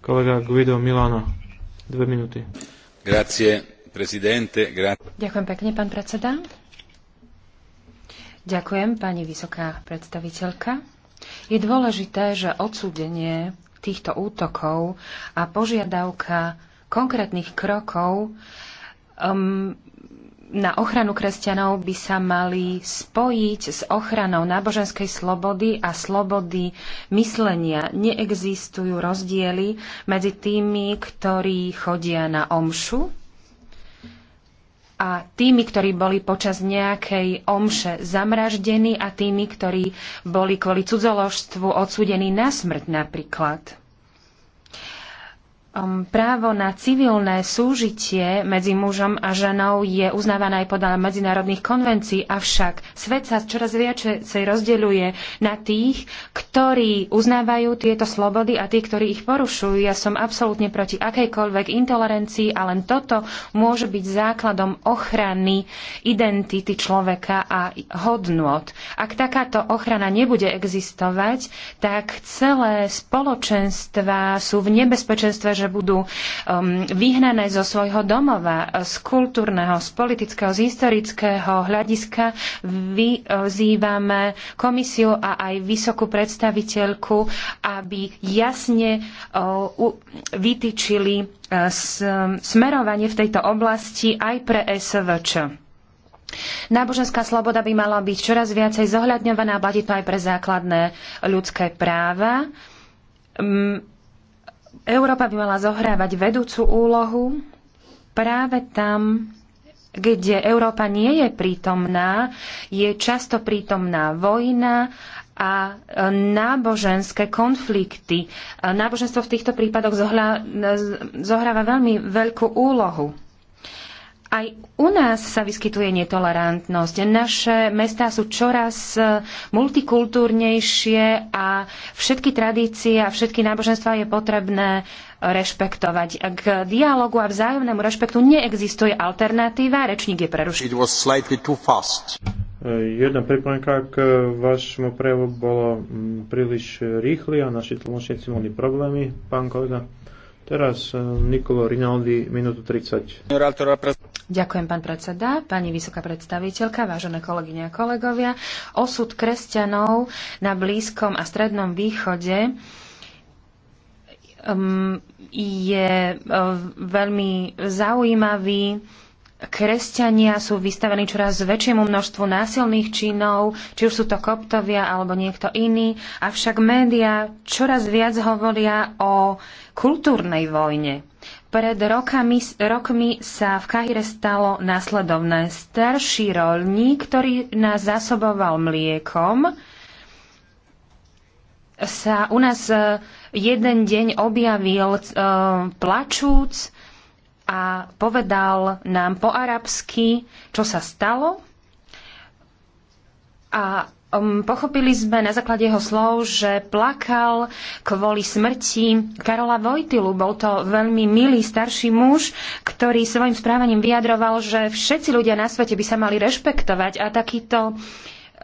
B: Kolega Guido Milano, dve minúty.
E: Grazie, prezidente. Gra-
D: Ďakujem pekne, pán predseda. Ďakujem, pani vysoká predstaviteľka. Je dôležité, že odsúdenie týchto útokov a požiadavka konkrétnych krokov um, na ochranu kresťanov by sa mali spojiť s ochranou náboženskej slobody a slobody myslenia. Neexistujú rozdiely medzi tými, ktorí chodia na omšu a tými, ktorí boli počas nejakej omše zamraždení a tými, ktorí boli kvôli cudzoložstvu odsúdení na smrť napríklad. Um, právo na civilné súžitie medzi mužom a ženou je uznávané aj podľa medzinárodných konvencií, avšak svet sa čoraz viacej rozdeľuje na tých, ktorí uznávajú tieto slobody a tých, ktorí ich porušujú. Ja som absolútne proti akejkoľvek intolerancii a len toto môže byť základom ochrany identity človeka a hodnot. Ak takáto ochrana nebude existovať, tak celé spoločenstva sú v nebezpečenstve, že budú um, vyhnané zo svojho domova, uh, z kultúrneho, z politického, z historického hľadiska, vyzývame komisiu a aj vysokú predstaviteľku, aby jasne uh, vytýčili uh, um, smerovanie v tejto oblasti aj pre SVČ. Náboženská sloboda by mala byť čoraz viacej zohľadňovaná a platí to aj pre základné ľudské práva. Európa by mala zohrávať vedúcu úlohu práve tam, kde Európa nie je prítomná, je často prítomná vojna a e, náboženské konflikty. E, náboženstvo v týchto prípadoch e, zohráva veľmi veľkú úlohu. Aj u nás sa vyskytuje netolerantnosť. Naše mestá sú čoraz e, multikultúrnejšie a všetky tradície a všetky náboženstva je potrebné rešpektovať. K dialogu a vzájomnému rešpektu neexistuje alternatíva. Rečník je prerušený.
B: E, jedna pripomienka k vašemu prejavu bolo mm, príliš rýchly a naši tlmočníci mali problémy. Pán kolega. Teraz e, Nikolo Rinaldi, minútu 30.
D: Ďakujem, pán predseda, pani vysoká predstaviteľka, vážené kolegyne a kolegovia. Osud kresťanov na Blízkom a Strednom východe je e, veľmi zaujímavý kresťania sú vystavení čoraz väčšiemu množstvu násilných činov, či už sú to koptovia alebo niekto iný, avšak médiá čoraz viac hovoria o kultúrnej vojne. Pred rokami, rokmi sa v Kahire stalo následovné. Starší rolník, ktorý nás zásoboval mliekom, sa u nás e, jeden deň objavil e, plačúc a povedal nám po arabsky, čo sa stalo. A pochopili sme na základe jeho slov, že plakal kvôli smrti Karola Vojtilu. Bol to veľmi milý starší muž, ktorý svojim správaním vyjadroval, že všetci ľudia na svete by sa mali rešpektovať a takýto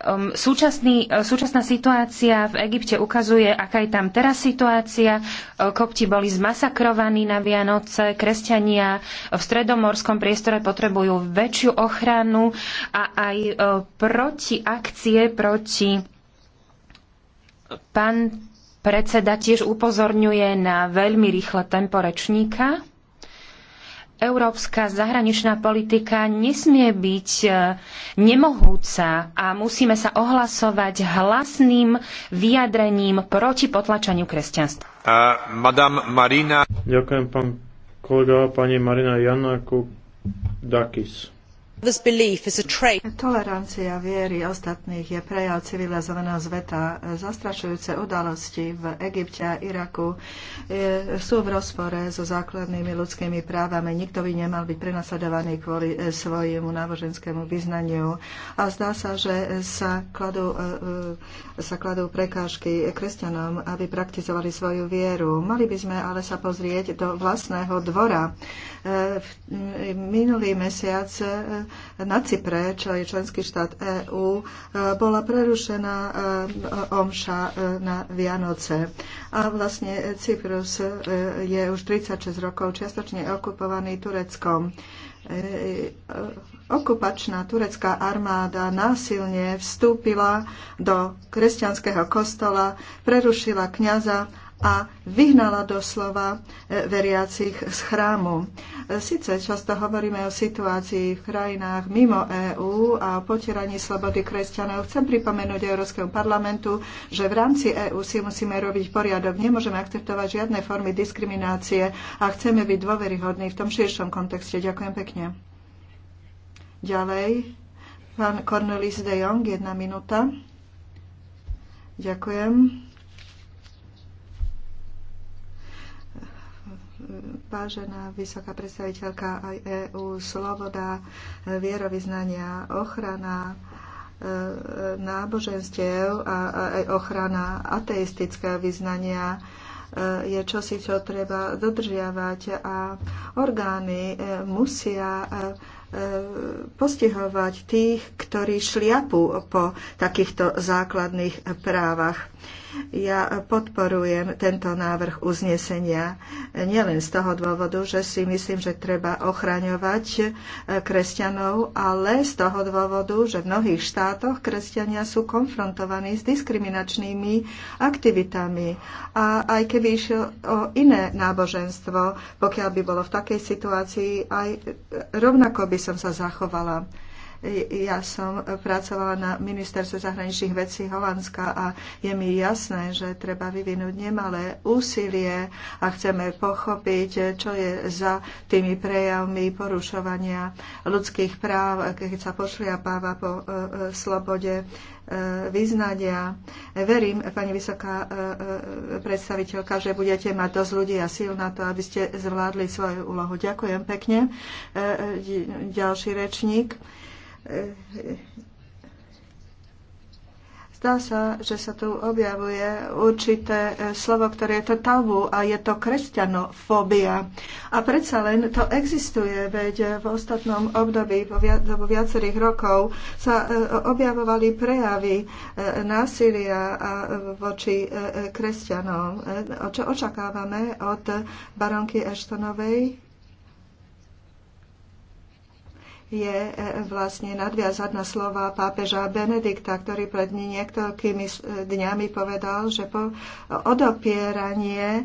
D: Um, súčasný, uh, súčasná situácia v Egypte ukazuje, aká je tam teraz situácia. Uh, kopti boli zmasakrovaní na Vianoce, kresťania v stredomorskom priestore potrebujú väčšiu ochranu a aj uh, proti akcie proti pán predseda tiež upozorňuje na veľmi rýchle tempo rečníka európska zahraničná politika nesmie byť e, nemohúca a musíme sa ohlasovať hlasným vyjadrením proti potlačaniu
B: kresťanstva.
C: Uh, Madame Marina.
B: Ďakujem, pán kolega, pani Marina Janaku Dakis.
A: Tolerancia viery ostatných je prejav civilizovaného zveta. Zastrašujúce udalosti v Egypte a Iraku e, sú v rozpore so základnými ľudskými právami. Nikto by nemal byť prenasledovaný kvôli e, svojmu náboženskému vyznaniu. A zdá sa, že sa kladú, e, sa kladú prekážky kresťanom, aby praktizovali svoju vieru. Mali by sme ale sa pozrieť do vlastného dvora. Minulý mesiac na Cypre, čo je členský štát EÚ, e, bola prerušená e, omša e, na Vianoce. A vlastne Cyprus je už 36 rokov čiastočne okupovaný Tureckom okupačná turecká armáda násilne vstúpila do kresťanského kostola, prerušila kniaza a vyhnala doslova e, veriacich z chrámu. E, Sice často hovoríme o situácii v krajinách mimo EÚ a potieraní slobody kresťanov, chcem pripomenúť Európskemu parlamentu, že v rámci EÚ si musíme robiť poriadok. Nemôžeme akceptovať žiadne formy diskriminácie a chceme byť dôveryhodní v tom širšom kontexte. Ďakujem pekne. Ďalej, pán Cornelis de Jong, jedna minúta. Ďakujem. vážená vysoká predstaviteľka EU, EÚ, sloboda e, vierovýznania, ochrana e, náboženstiev a aj ochrana ateistického vyznania e, je čosi, čo treba dodržiavať a orgány musia postihovať tých, ktorí šliapú po takýchto základných právach. Ja podporujem tento návrh uznesenia nielen z toho dôvodu, že si myslím, že treba ochraňovať eh, kresťanov, ale z toho dôvodu, že v mnohých štátoch kresťania sú konfrontovaní s diskriminačnými aktivitami. A aj keby išlo o iné náboženstvo, pokiaľ by bolo v takej situácii, aj rovnako by som sa zachoval poďakovala ja som pracovala na ministerstve zahraničných vecí Holandska a je mi jasné, že treba vyvinúť nemalé úsilie a chceme pochopiť, čo je za tými prejavmi porušovania ľudských práv, keď sa pošliapáva po e, e, slobode e, vyznania. Verím, pani vysoká predstaviteľka, že budete mať dosť ľudí a síl na to, aby ste zvládli svoju úlohu. Ďakujem pekne. Ďalší rečník. Zdá sa, že sa tu objavuje určité e, slovo, ktoré je to tabu a je to kresťanofóbia. A predsa len to existuje, veď v ostatnom období, vo viacerých rokov, sa e, objavovali prejavy e, násilia voči kresťanom, čo očakávame od baronky Eštonovej je e, vlastne nadviazať na slova pápeža Benedikta, ktorý pred niektorými dňami povedal, že po odopieranie e,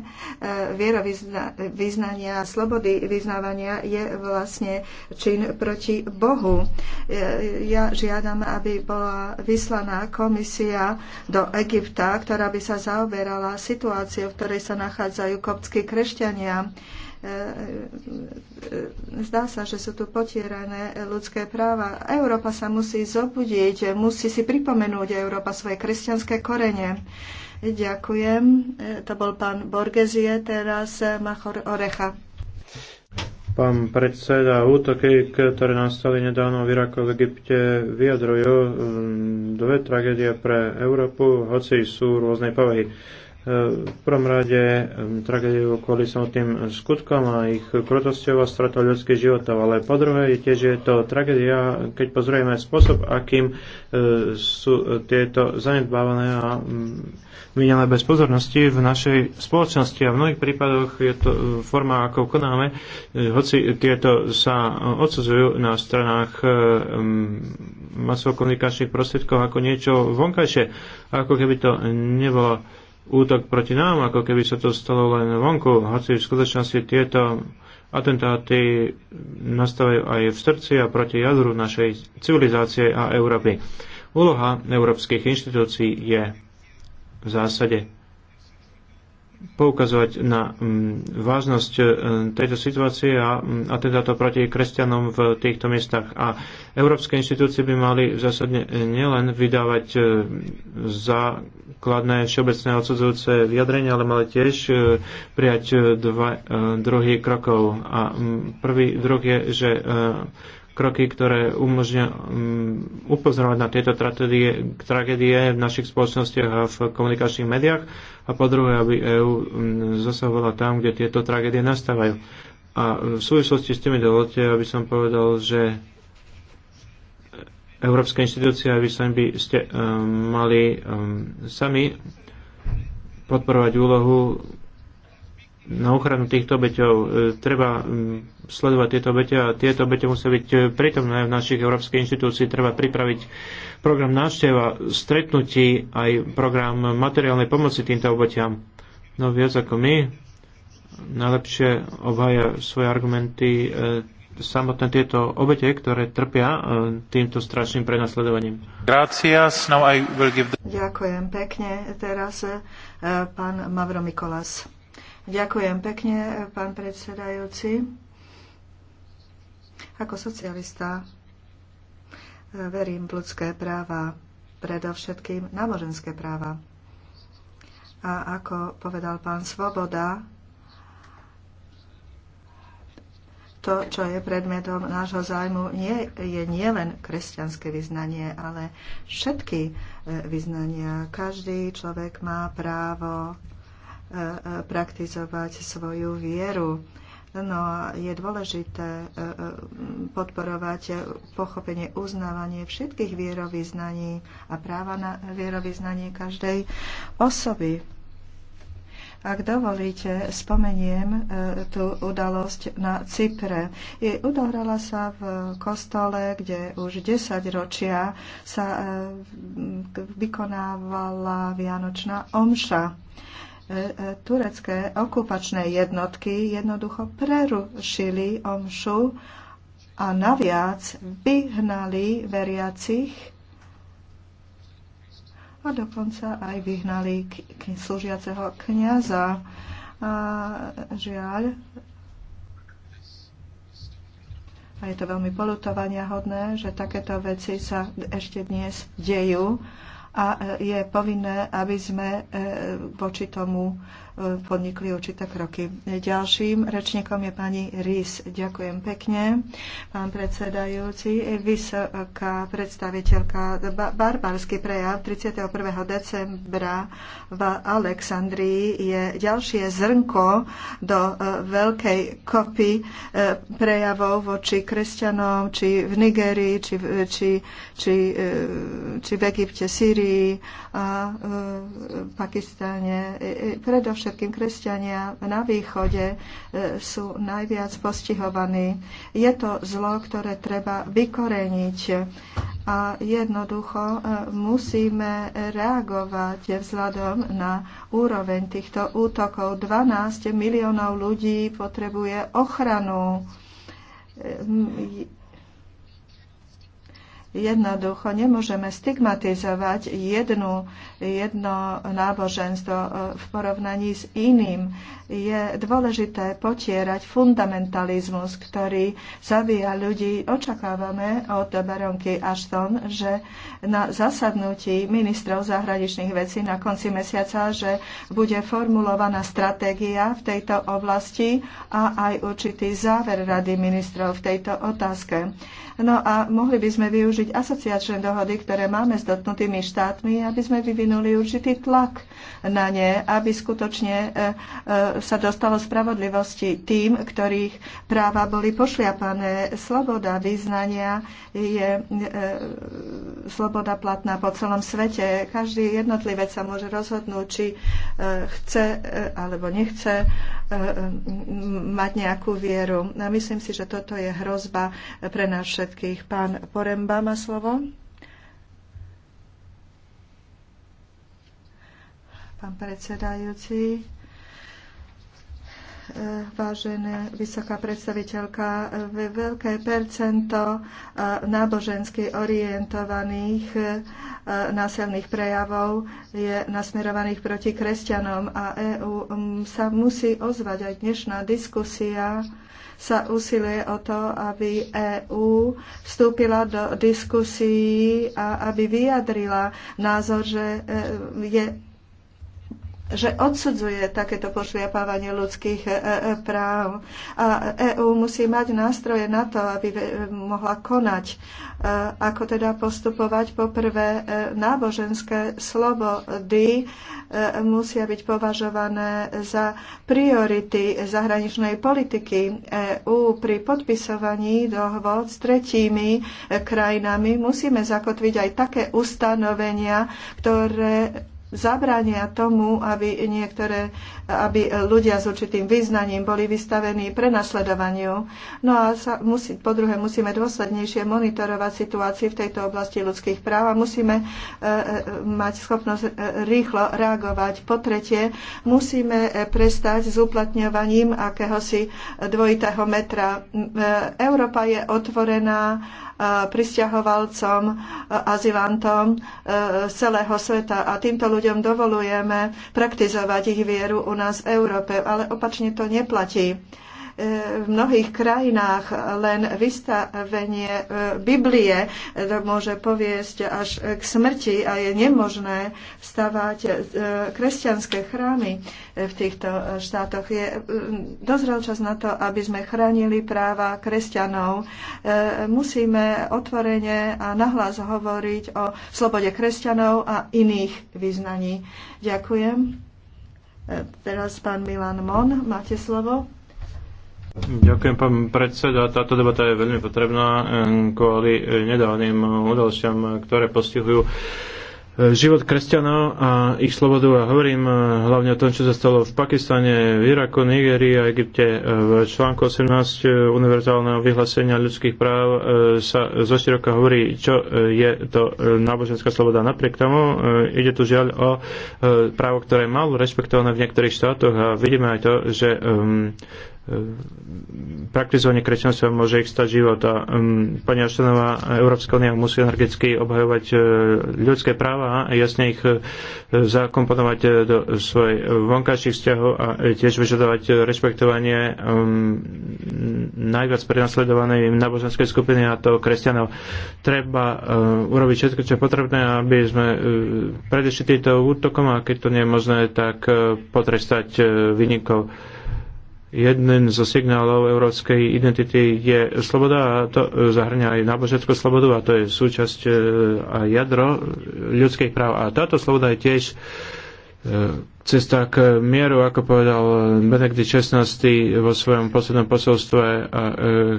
A: vierovýznania a slobody vyznávania je vlastne čin proti Bohu. E, ja žiadam, aby bola vyslaná komisia do Egypta, ktorá by sa zaoberala situáciou, v ktorej sa nachádzajú koptskí kresťania. E, e, e, zdá sa, že sú tu potierané ľudské práva. Európa sa musí zobudiť, musí si pripomenúť Európa svoje kresťanské korene. Ďakujem. To bol pán Borgezie, teraz Machor Orecha.
B: Pán predseda, útoky, ktoré nastali nedávno v Iraku v Egypte, vyjadrujú mm, dve tragédie pre Európu, hoci sú rôznej povahy. E, v prvom rade tragédiu kvôli samotným skutkom a ich krutosťou a stratou ľudských životov, ale po druhé je tiež je to tragédia, keď pozrieme spôsob, akým e, sú tieto zanedbávané a vyňané bez pozornosti v našej spoločnosti a v mnohých prípadoch je to e, forma, ako konáme, hoci tieto sa odsudzujú na stranách masovokomunikačných prostriedkov ako niečo vonkajšie, ako keby to nebolo útok proti nám, ako keby sa to stalo len vonku, hoci v skutočnosti tieto atentáty nastávajú aj v srdci a proti jadru našej civilizácie a Európy. Úloha európskych inštitúcií je v zásade poukazovať na mm, vážnosť e, tejto situácie a mm, to proti kresťanom v týchto miestach. A európske inštitúcie by mali zásadne e, nielen vydávať e, základné všeobecné odsudzujúce vyjadrenia, ale mali tiež prijať dva druhý krokov. A mm, prvý druh je, že kroky, ktoré umožňujú mm, upozorovať na tieto tragédie, tragédie v našich spoločnostiach a v komunikačných médiách a po druhé, aby EÚ mm, zasahovala tam, kde tieto tragédie nastávajú. A v súvislosti s tými dovolte, aby som povedal, že Európske inštitúcie, aby sa by ste um, mali um, sami podporovať úlohu na ochranu týchto obeťov. E, treba sledovať tieto obete a tieto obete musia byť e, prítomné v našich európskej inštitúcii. Treba pripraviť program návšteva, stretnutí, aj program materiálnej pomoci týmto obetiam. No viac ako my, najlepšie obhaja svoje argumenty e, samotné tieto obete, ktoré trpia týmto strašným prenasledovaním. Ďakujem
A: pekne. Teraz pán Mavro Mikolas. Ďakujem pekne, pán predsedajúci. Ako socialista e, verím v ľudské práva, predovšetkým náboženské práva. A ako povedal pán Svoboda, to, čo je predmetom nášho zájmu, nie, je nielen kresťanské vyznanie, ale všetky e, vyznania. Každý človek má právo praktizovať svoju vieru. No a je dôležité e, e, podporovať pochopenie, uznávanie všetkých vierovýznaní a práva na vierovýznanie každej osoby. Ak dovolíte, spomeniem e, tú udalosť na Cypre. Je, udohrala sa v kostole, kde už 10 ročia sa vykonávala Vianočná omša. E, e, turecké okupačné jednotky jednoducho prerušili omšu a naviac vyhnali veriacich a dokonca aj vyhnali slúžiaceho kniaza. A žiaľ, a je to veľmi polutovania hodné, že takéto veci sa ešte dnes dejú a e, je povinné, aby sme e, voči tomu podnikli určité kroky. Ďalším rečníkom je pani Rís. Ďakujem pekne. Pán predsedajúci, vysoká predstaviteľka Barbarský prejav 31. decembra v Alexandrii je ďalšie zrnko do e, veľkej kopy e, prejavov voči kresťanom, či v Nigerii, či, či, či, e, či v Egypte, Sýrii a Pakistáne. Predovšetkým predovšetkým kresťania na východe e, sú najviac postihovaní. Je to zlo, ktoré treba vykoreniť a jednoducho e, musíme reagovať vzhľadom na úroveň týchto útokov. 12 miliónov ľudí potrebuje ochranu e, Jednoducho nemôžeme stigmatizovať jednu, jedno náboženstvo e, v porovnaní s iným. Je dôležité potierať fundamentalizmus, ktorý zabíja ľudí. Očakávame od baronky Ashton, že na zasadnutí ministrov zahraničných vecí na konci mesiaca, že bude formulovaná stratégia v tejto oblasti a aj určitý záver Rady ministrov v tejto otázke. No a mohli by sme využiť asociačné dohody, ktoré máme s dotknutými štátmi, aby sme vyvinuli určitý tlak na ne, aby skutočne e, e, sa dostalo spravodlivosti tým, ktorých práva boli pošliapané. Sloboda význania je e, sloboda platná po celom svete. Každý jednotlivec sa môže rozhodnúť, či chce alebo nechce mať nejakú vieru. Myslím si, že toto je hrozba pre naše všetkých. Pán Poremba má slovo. Pán predsedajúci, vážená vysoká predstaviteľka, veľké percento nábožensky orientovaných násilných prejavov je nasmerovaných proti kresťanom a EÚ sa musí ozvať aj dnešná diskusia sa usiluje o to, aby EÚ vstúpila do diskusí a aby vyjadrila názor, že e, je že odsudzuje takéto pošliapávanie ľudských e, e, práv. A EÚ musí mať nástroje na to, aby e, mohla konať, ako teda postupovať. Poprvé, náboženské slobody musia byť považované za priority zahraničnej politiky EÚ pri podpisovaní dohôd s tretími krajinami. Musíme zakotviť aj také ustanovenia, ktoré zabránia tomu, aby niektoré, aby ľudia s určitým význaním boli vystavení prenasledovaniu. No a sa musí, po druhé musíme dôslednejšie monitorovať situáciu v tejto oblasti ľudských práv a musíme e, e mať schopnosť e, rýchlo reagovať. Po tretie, musíme e, prestať s uplatňovaním akéhosi dvojitého metra. E, Európa je otvorená pristahovalcom, azilantom z e, celého sveta. A týmto ľuďom dovolujeme praktizovať ich vieru u nás v Európe, ale opačne to neplatí. E, v mnohých krajinách len vystavenie e, Biblie e, môže poviesť až k smrti a je nemožné stavať kresťanské chrámy v týchto štátoch. Je dozrel čas na to, aby sme chránili práva kresťanov. Musíme otvorene a nahlas hovoriť o slobode kresťanov a iných vyznaní. Ďakujem. Teraz pán Milan Mon, máte slovo.
B: Ďakujem, pán predseda. Táto debata je veľmi potrebná eh, kvôli eh, nedávnym udalostiam, eh, ktoré postihujú život kresťanov a ich slobodu a hovorím hlavne o tom, čo sa stalo v Pakistane, v Iraku, Nigerii a Egypte. V článku 18 univerzálneho vyhlásenia ľudských práv sa zo široka hovorí, čo je to náboženská sloboda. Napriek tomu ide tu žiaľ o právo, ktoré je málo rešpektované v niektorých štátoch a vidíme aj to, že ehm, E, praktizovanie kresťanstva môže ich stať život. A um, pani Aštenová, Európska únia musí energeticky obhajovať uh, ľudské práva a jasne ich uh, zakomponovať uh, do svojich vonkajších vzťahov a tiež vyžadovať uh, rešpektovanie um, najviac prenasledovanej náboženskej skupiny a to kresťanov. Treba uh, urobiť všetko, čo je potrebné, aby sme uh, predešli týmto útokom a keď to nie je možné, tak uh, potrestať uh, vynikov. Uh, Jedným zo signálov európskej identity je sloboda a to zahrňa aj náboženskú slobodu a to je súčasť e, a jadro ľudských práv. A táto sloboda je tiež E, cesta k mieru, ako povedal Benedikt XVI vo svojom poslednom posolstve. A e,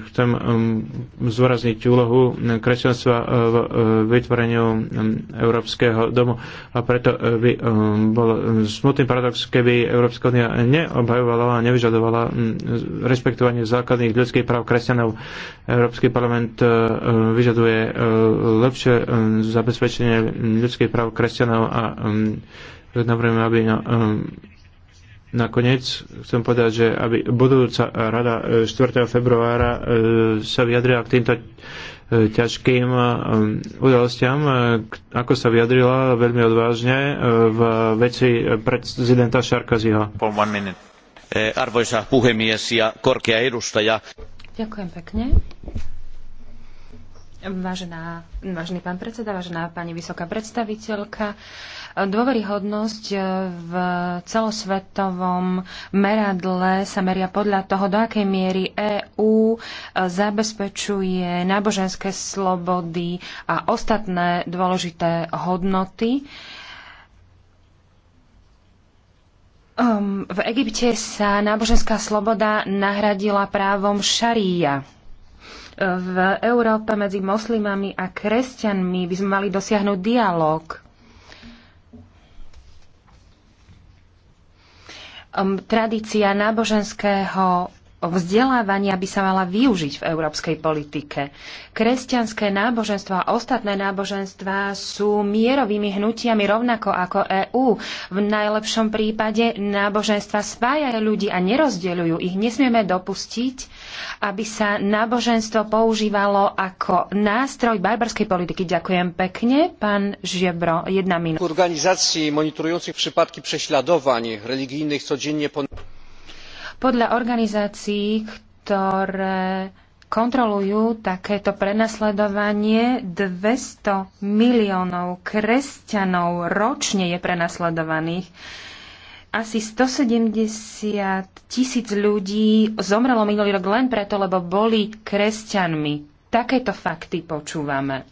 B: chcem um, zvorazniť úlohu kresťanstva v e, vytvoreniu um, Európskeho domu a preto by um, bol smutný paradox, keby Európska unia neobhajovala a nevyžadovala respektovanie základných ľudských práv kresťanov. Európsky parlament vyžaduje lepšie zabezpečenie ľudských práv kresťanov a navrhujem, aby na, um, Nakoniec chcem povedať, že aby budúca rada 4. E, februára e, sa vyjadrila k týmto e, ťažkým udalostiam, ako sa vyjadrila veľmi odvážne v veci prezidenta Šarkazyho.
E: Arvoisa puhemies ja korkea edustaja.
D: Ďakujem pekne. Vážená, vážený pán predseda, vážená pani vysoká predstaviteľka, dôveryhodnosť e, v celosvetovom meradle sa meria podľa toho, do akej miery EÚ e, zabezpečuje náboženské slobody a ostatné dôležité hodnoty. v Egypte sa náboženská sloboda nahradila právom šaríja v Európe medzi moslimami a kresťanmi by sme mali dosiahnuť dialog. Um, tradícia náboženského vzdelávania by sa mala využiť v európskej politike. Kresťanské náboženstvo a ostatné náboženstva sú mierovými hnutiami rovnako ako EÚ. V najlepšom prípade náboženstva spájajú ľudí a nerozdeľujú ich. Nesmieme dopustiť, aby sa náboženstvo používalo ako nástroj barbarskej politiky. Ďakujem pekne. Pán Žiebro, jedna minúta.
E: Organizácií monitorujących przypadki prześladowań religijnych codziennie pon-
D: podľa organizácií, ktoré kontrolujú takéto prenasledovanie. 200 miliónov kresťanov ročne je prenasledovaných asi 170 tisíc ľudí zomrelo minulý rok len preto, lebo boli kresťanmi. Takéto fakty počúvame.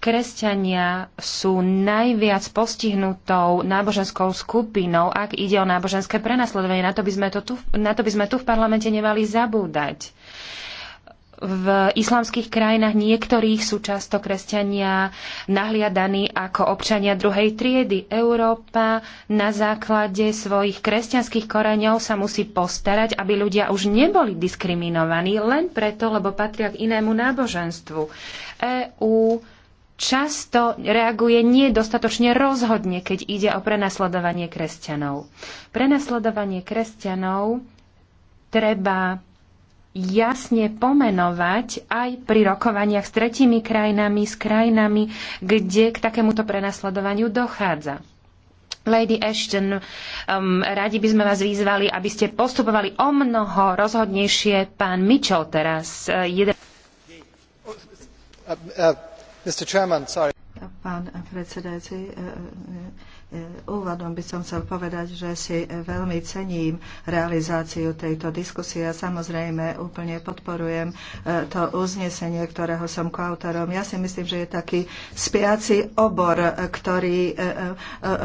D: Kresťania sú najviac postihnutou náboženskou skupinou, ak ide o náboženské prenasledovanie. Na to by sme, to tu, na to by sme tu v parlamente nemali zabúdať v islamských krajinách niektorých sú často kresťania nahliadaní ako občania druhej triedy. Európa na základe svojich kresťanských koreňov sa musí postarať, aby ľudia už neboli diskriminovaní len preto, lebo patria k inému náboženstvu. EÚ často reaguje nedostatočne rozhodne, keď ide o prenasledovanie kresťanov. Prenasledovanie kresťanov treba jasne pomenovať aj pri rokovaniach s tretími krajinami, s krajinami, kde k takémuto prenasledovaniu dochádza. Lady Ashton, um, radi by sme vás vyzvali, aby ste postupovali o mnoho rozhodnejšie. Pán Mitchell teraz. Uh, jeden... uh,
A: uh, Mr. Chairman, sorry. Pán predsedajúci, uh, uh, Úvodom by som chcel povedať, že si veľmi cením realizáciu tejto diskusie a samozrejme úplne podporujem e, to uznesenie, ktorého som koautorom. Ja si myslím, že je taký spiaci obor, e, ktorý e,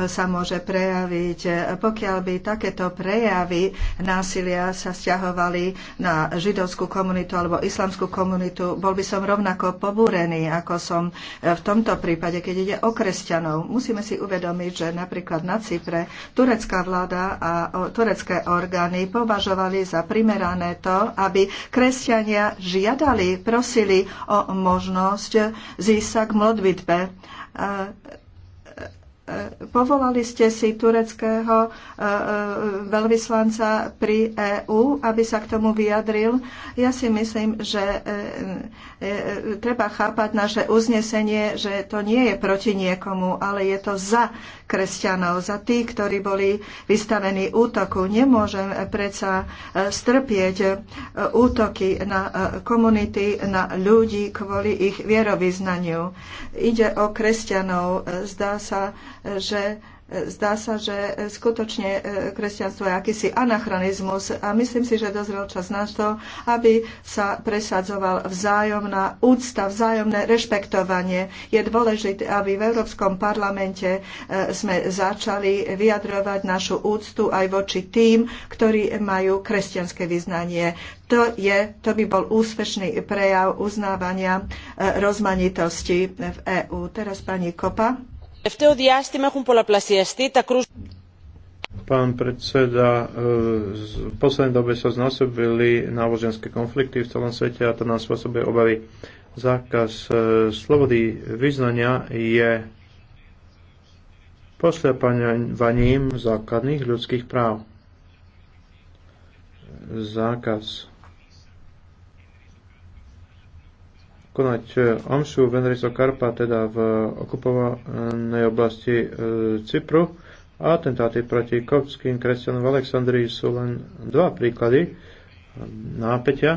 A: sa môže prejaviť. Pokiaľ by takéto prejavy násilia sa stiahovali na židovskú komunitu alebo islamskú komunitu, bol by som rovnako pobúrený, ako som v tomto prípade, keď ide o kresťanov. Musíme si uvedomiť, že napríklad na Cypre turecká vláda a turecké orgány považovali za primerané to, aby kresťania žiadali, prosili o možnosť zísť sa k modlitbe Povolali ste si tureckého e, e, veľvyslanca pri EÚ, aby sa k tomu vyjadril. Ja si myslím, že e, treba chápať naše uznesenie, že to nie je proti niekomu, ale je to za kresťanov, za tých, ktorí boli vystavení útoku. Nemôžem predsa strpieť útoky na komunity, na ľudí kvôli ich vierovýznaniu. Ide o kresťanov. Zdá sa, že e, zdá sa, že e, skutočne e, kresťanstvo je akýsi anachronizmus a myslím si, že dozrel čas na to, aby sa presadzoval vzájomná úcta, vzájomné rešpektovanie. Je dôležité, aby v Európskom parlamente sme začali vyjadrovať našu úctu aj voči tým, ktorí majú kresťanské vyznanie. To, je, to by bol úspešný prejav uznávania rozmanitosti v EÚ. Teraz pani Kopa.
B: Pán predseda, e, v poslednej dobe sa znásobili náboženské konflikty v celom svete a to nám spôsobuje obavy. Zákaz e, slobody vyznania je posľapovaním základných ľudských práv. Zákaz konať e, omšu v Enriso Karpa, teda v okupovanej oblasti e, Cypru. Atentáty proti koptským kresťanom v Alexandrii sú len dva príklady nápeťa.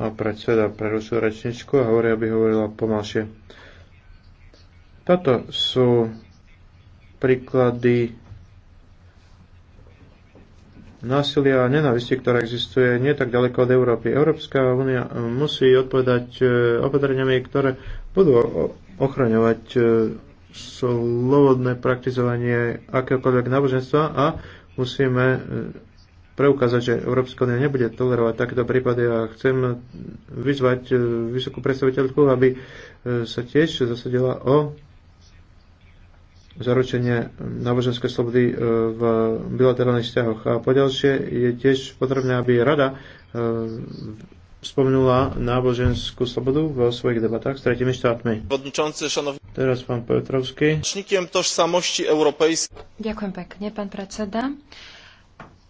B: A predseda prerušil rečničku a hovorí, aby hovorila pomalšie. Toto sú príklady násilia a nenávisti, ktorá existuje nie tak ďaleko od Európy. Európska únia e, musí odpovedať e, opatreniami, ktoré budú ochraňovať e, slobodné praktizovanie akéhokoľvek náboženstva a musíme preukázať, že Európska únia nebude tolerovať takéto prípady a chcem vyzvať vysokú predstaviteľku, aby sa tiež zasadila o zaručenie náboženskej slobody e, v bilaterálnych vzťahoch. A poďalšie je tiež potrebné, aby Rada e, spomenula náboženskú slobodu vo svojich debatách s tretimi štátmi. Teraz pán Petrovský. tožsamosti europejskej.
D: Ďakujem pekne, pán predseda.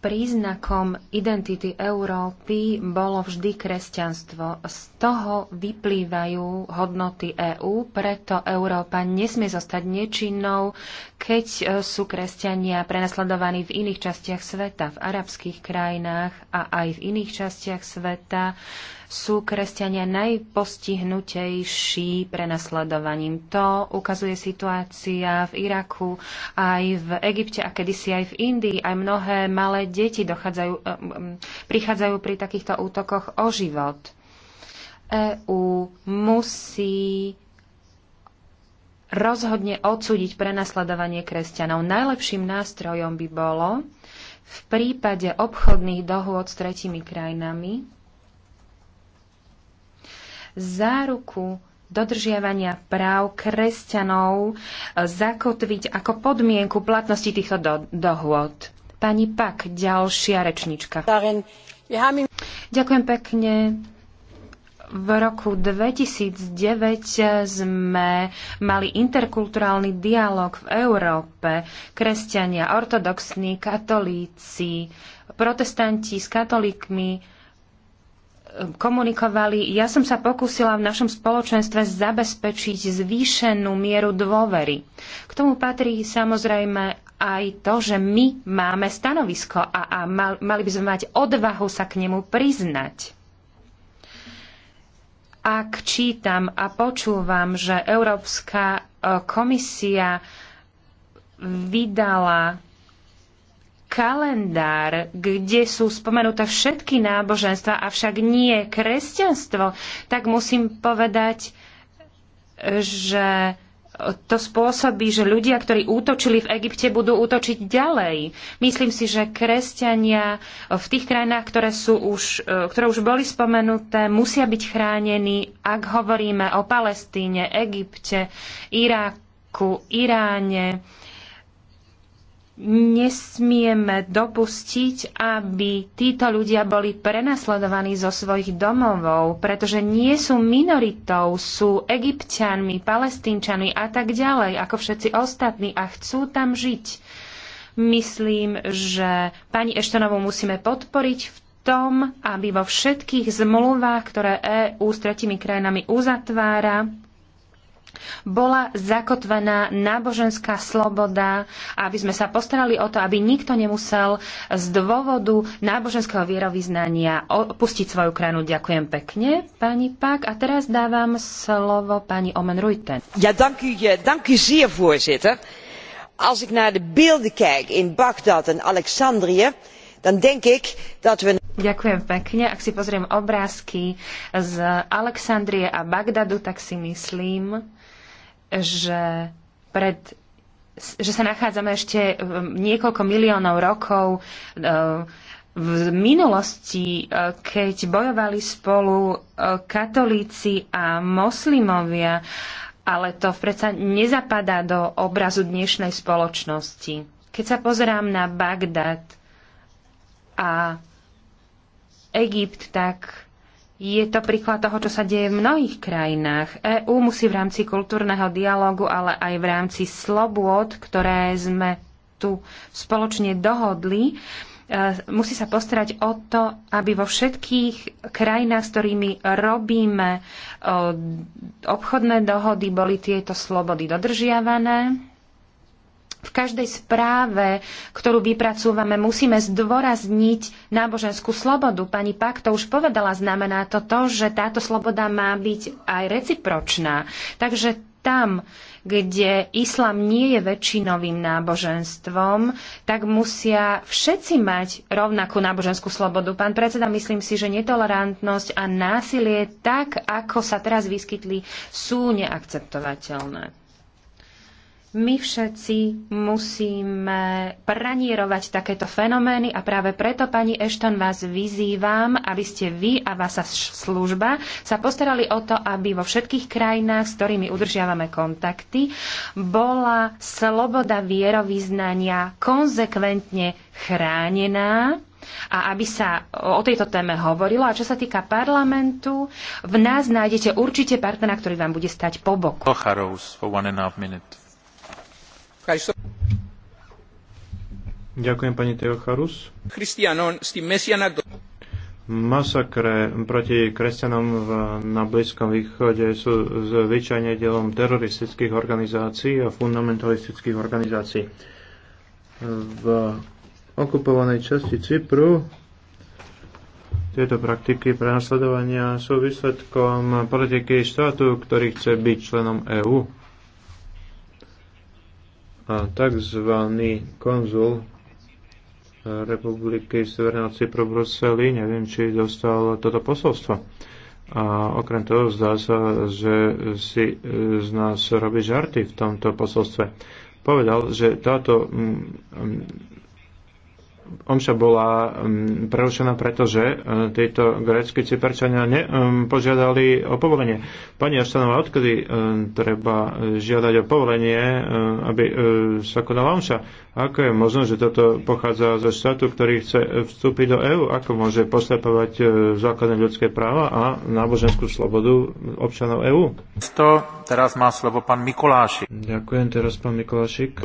D: Príznakom identity Európy bolo vždy kresťanstvo. S toho vyplývajú hodnoty EÚ, preto Európa nesmie zostať nečinnou, keď e, sú kresťania prenasledovaní v iných častiach sveta, v arabských krajinách a aj v iných častiach sveta sú kresťania najpostihnutejší prenasledovaním. To ukazuje situácia v Iraku, aj v Egypte a kedysi aj v Indii. Aj mnohé malé deti e, prichádzajú pri takýchto útokoch o život. EÚ musí rozhodne odsúdiť prenasledovanie kresťanov. Najlepším nástrojom by bolo v prípade obchodných dohôd s tretimi krajinami záruku dodržiavania práv kresťanov zakotviť ako podmienku platnosti týchto do- dohôd. Pani Pak, ďalšia rečnička. Ďakujem pekne. V roku 2009 sme mali interkulturálny dialog v Európe. Kresťania, ortodoxní, katolíci, protestanti s katolíkmi eh, komunikovali. Ja som sa pokúsila v našom spoločenstve zabezpečiť zvýšenú mieru dôvery. K tomu patrí samozrejme aj to, že my máme stanovisko a, a mal, mali by sme mať odvahu sa k nemu priznať ak čítam a počúvam, že Európska e, komisia vydala kalendár, kde sú spomenuté všetky náboženstva, avšak nie kresťanstvo, tak musím povedať, že to spôsobí, že ľudia, ktorí útočili v Egypte, budú útočiť ďalej. Myslím si, že kresťania v tých krajinách, ktoré, sú už, e, ktoré už boli spomenuté, musia byť chránení, ak hovoríme o Palestíne, Egypte, Iráku, Iráne nesmieme dopustiť, aby títo ľudia boli prenasledovaní zo svojich domovov, pretože nie sú minoritou, sú egyptianmi, palestínčanmi a tak ďalej, ako všetci ostatní a chcú tam žiť. Myslím, že pani Eštonovú musíme podporiť v tom, aby vo všetkých zmluvách, ktoré EÚ s tretimi krajinami uzatvára, bola zakotvená náboženská sloboda, aby sme sa postarali o to, aby nikto nemusel z dôvodu náboženského vierovýznania opustiť svoju krajinu. Ďakujem pekne, pani Pak. A teraz dávam slovo pani Omen Ruiten. Ja, zeer, voorzitter. Als ik naar de beelden kijk in Bagdad en Alexandrië, dan denk ik dat we... Ďakujem pekne. Ak si pozriem obrázky z Alexandrie a Bagdadu, tak si myslím, že pred že sa nachádzame ešte um, niekoľko miliónov rokov uh, v minulosti, uh, keď bojovali spolu uh, katolíci a moslimovia, ale to predsa nezapadá do obrazu dnešnej spoločnosti. Keď sa pozerám na Bagdad a Egypt, tak je to príklad toho, čo sa deje v mnohých krajinách. EÚ musí v rámci kultúrneho dialogu, ale aj v rámci slobôd, ktoré sme tu spoločne dohodli, e, musí sa postarať o to, aby vo všetkých krajinách, s ktorými robíme e, obchodné dohody, boli tieto slobody dodržiavané v každej správe, ktorú vypracúvame, musíme zdôrazniť náboženskú slobodu. Pani Pak to už povedala, znamená to to, že táto sloboda má byť aj recipročná. Takže tam, kde islám nie je väčšinovým náboženstvom, tak musia všetci mať rovnakú náboženskú slobodu. Pán predseda, myslím si, že netolerantnosť a násilie, tak ako sa teraz vyskytli, sú neakceptovateľné. My všetci musíme pranírovať takéto fenomény a práve preto, pani Ešton, vás vyzývam, aby ste vy a vaša služba sa postarali o to, aby vo všetkých krajinách, s ktorými udržiavame kontakty, bola sloboda vierovýznania konzekventne chránená a aby sa o tejto téme hovorilo. A čo sa týka parlamentu, v nás nájdete určite partnera, ktorý vám bude stať po boku.
B: Ďakujem pani Teocharus. Masakre proti kresťanom v, na Blízkom východe sú zvyčajne dielom teroristických organizácií a fundamentalistických organizácií. V okupovanej časti Cypru tieto praktiky prenasledovania sú výsledkom politiky štátu, ktorý chce byť členom EÚ a tzv. konzul Republiky Severného Cypru Bruseli, neviem, či dostal toto posolstvo. A okrem toho zdá sa, že si e, z nás robí žarty v tomto posolstve. Povedal, že táto omša bola mm, prerušená, pretože e, tieto grécky cyperčania požiadali e, o povolenie. Pani Aštanová, odkedy e, treba žiadať o povolenie, aby sa konala omša? Ako je možné, že toto pochádza zo štátu, ktorý chce vstúpiť do EÚ? Ako môže poslepovať základné ľudské práva a náboženskú slobodu občanov EÚ? To teraz má slovo pán Mikuláši. Ďakujem, teraz pán Mikulášik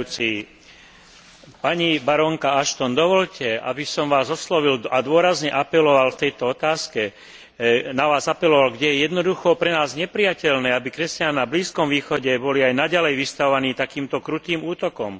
B: pani barónka
E: ashton dovoľte aby som vás oslovil a dôrazne apeloval v tejto otázke e, Na vás apeloval, kde je jednoducho pre nás neprijateľné aby kresťania na blízkom východe boli aj naďalej vystavovaní takýmto krutým útokom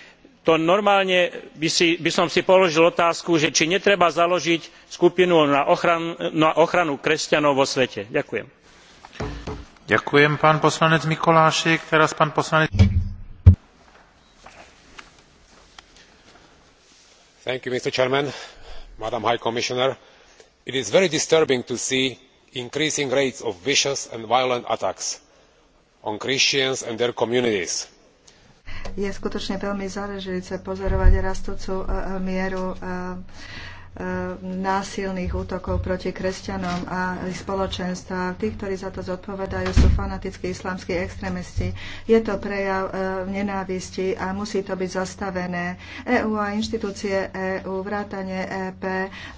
E: to normálne by som si položil otázku že či netreba založiť skupinu na ochranu kresťanov vo svete. ďakujem.
A: It is very disturbing to see increasing rates of vicious and violent attacks on Christians and their communities je skutočne veľmi záležujúce pozorovať rastúcu e, mieru e, Eh, násilných útokov proti kresťanom a spoločenstva. Tí, ktorí za to zodpovedajú, sú fanatickí islamskí extrémisti. Je to prejav eh, nenávisti a musí to byť zastavené. EÚ a inštitúcie EÚ, vrátane EP,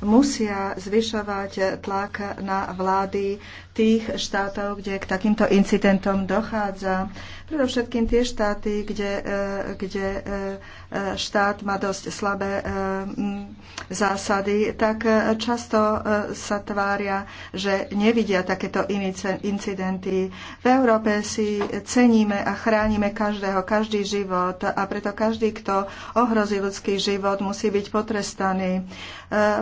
A: musia zvyšovať tlak na vlády tých štátov, kde k takýmto incidentom dochádza. Predovšetkým tie štáty, kde, eh, kde štát má dosť slabé eh, zásady, tak eh, často eh, sa tvária, že nevidia takéto incidenty. V Európe si ceníme a chránime každého, každý život a preto každý, kto ohrozí ľudský život, musí byť potrestaný.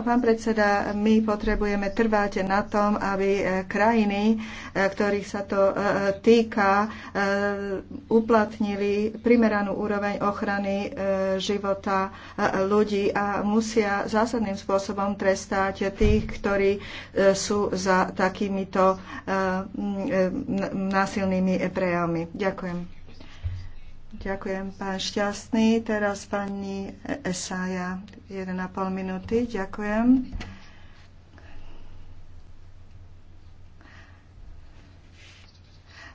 A: Pán predseda, my potrebujeme trváte na tom, aby krajiny, ktorých sa to týka, uplatnili primeranú úroveň ochrany života e, ľudí a musia zásadným spôsobom trestať tých, ktorí e, sú za takýmito e, násilnými prejavmi. Ďakujem. Ďakujem, pán Šťastný. Teraz pani Esaja, 1,5 minúty. Ďakujem.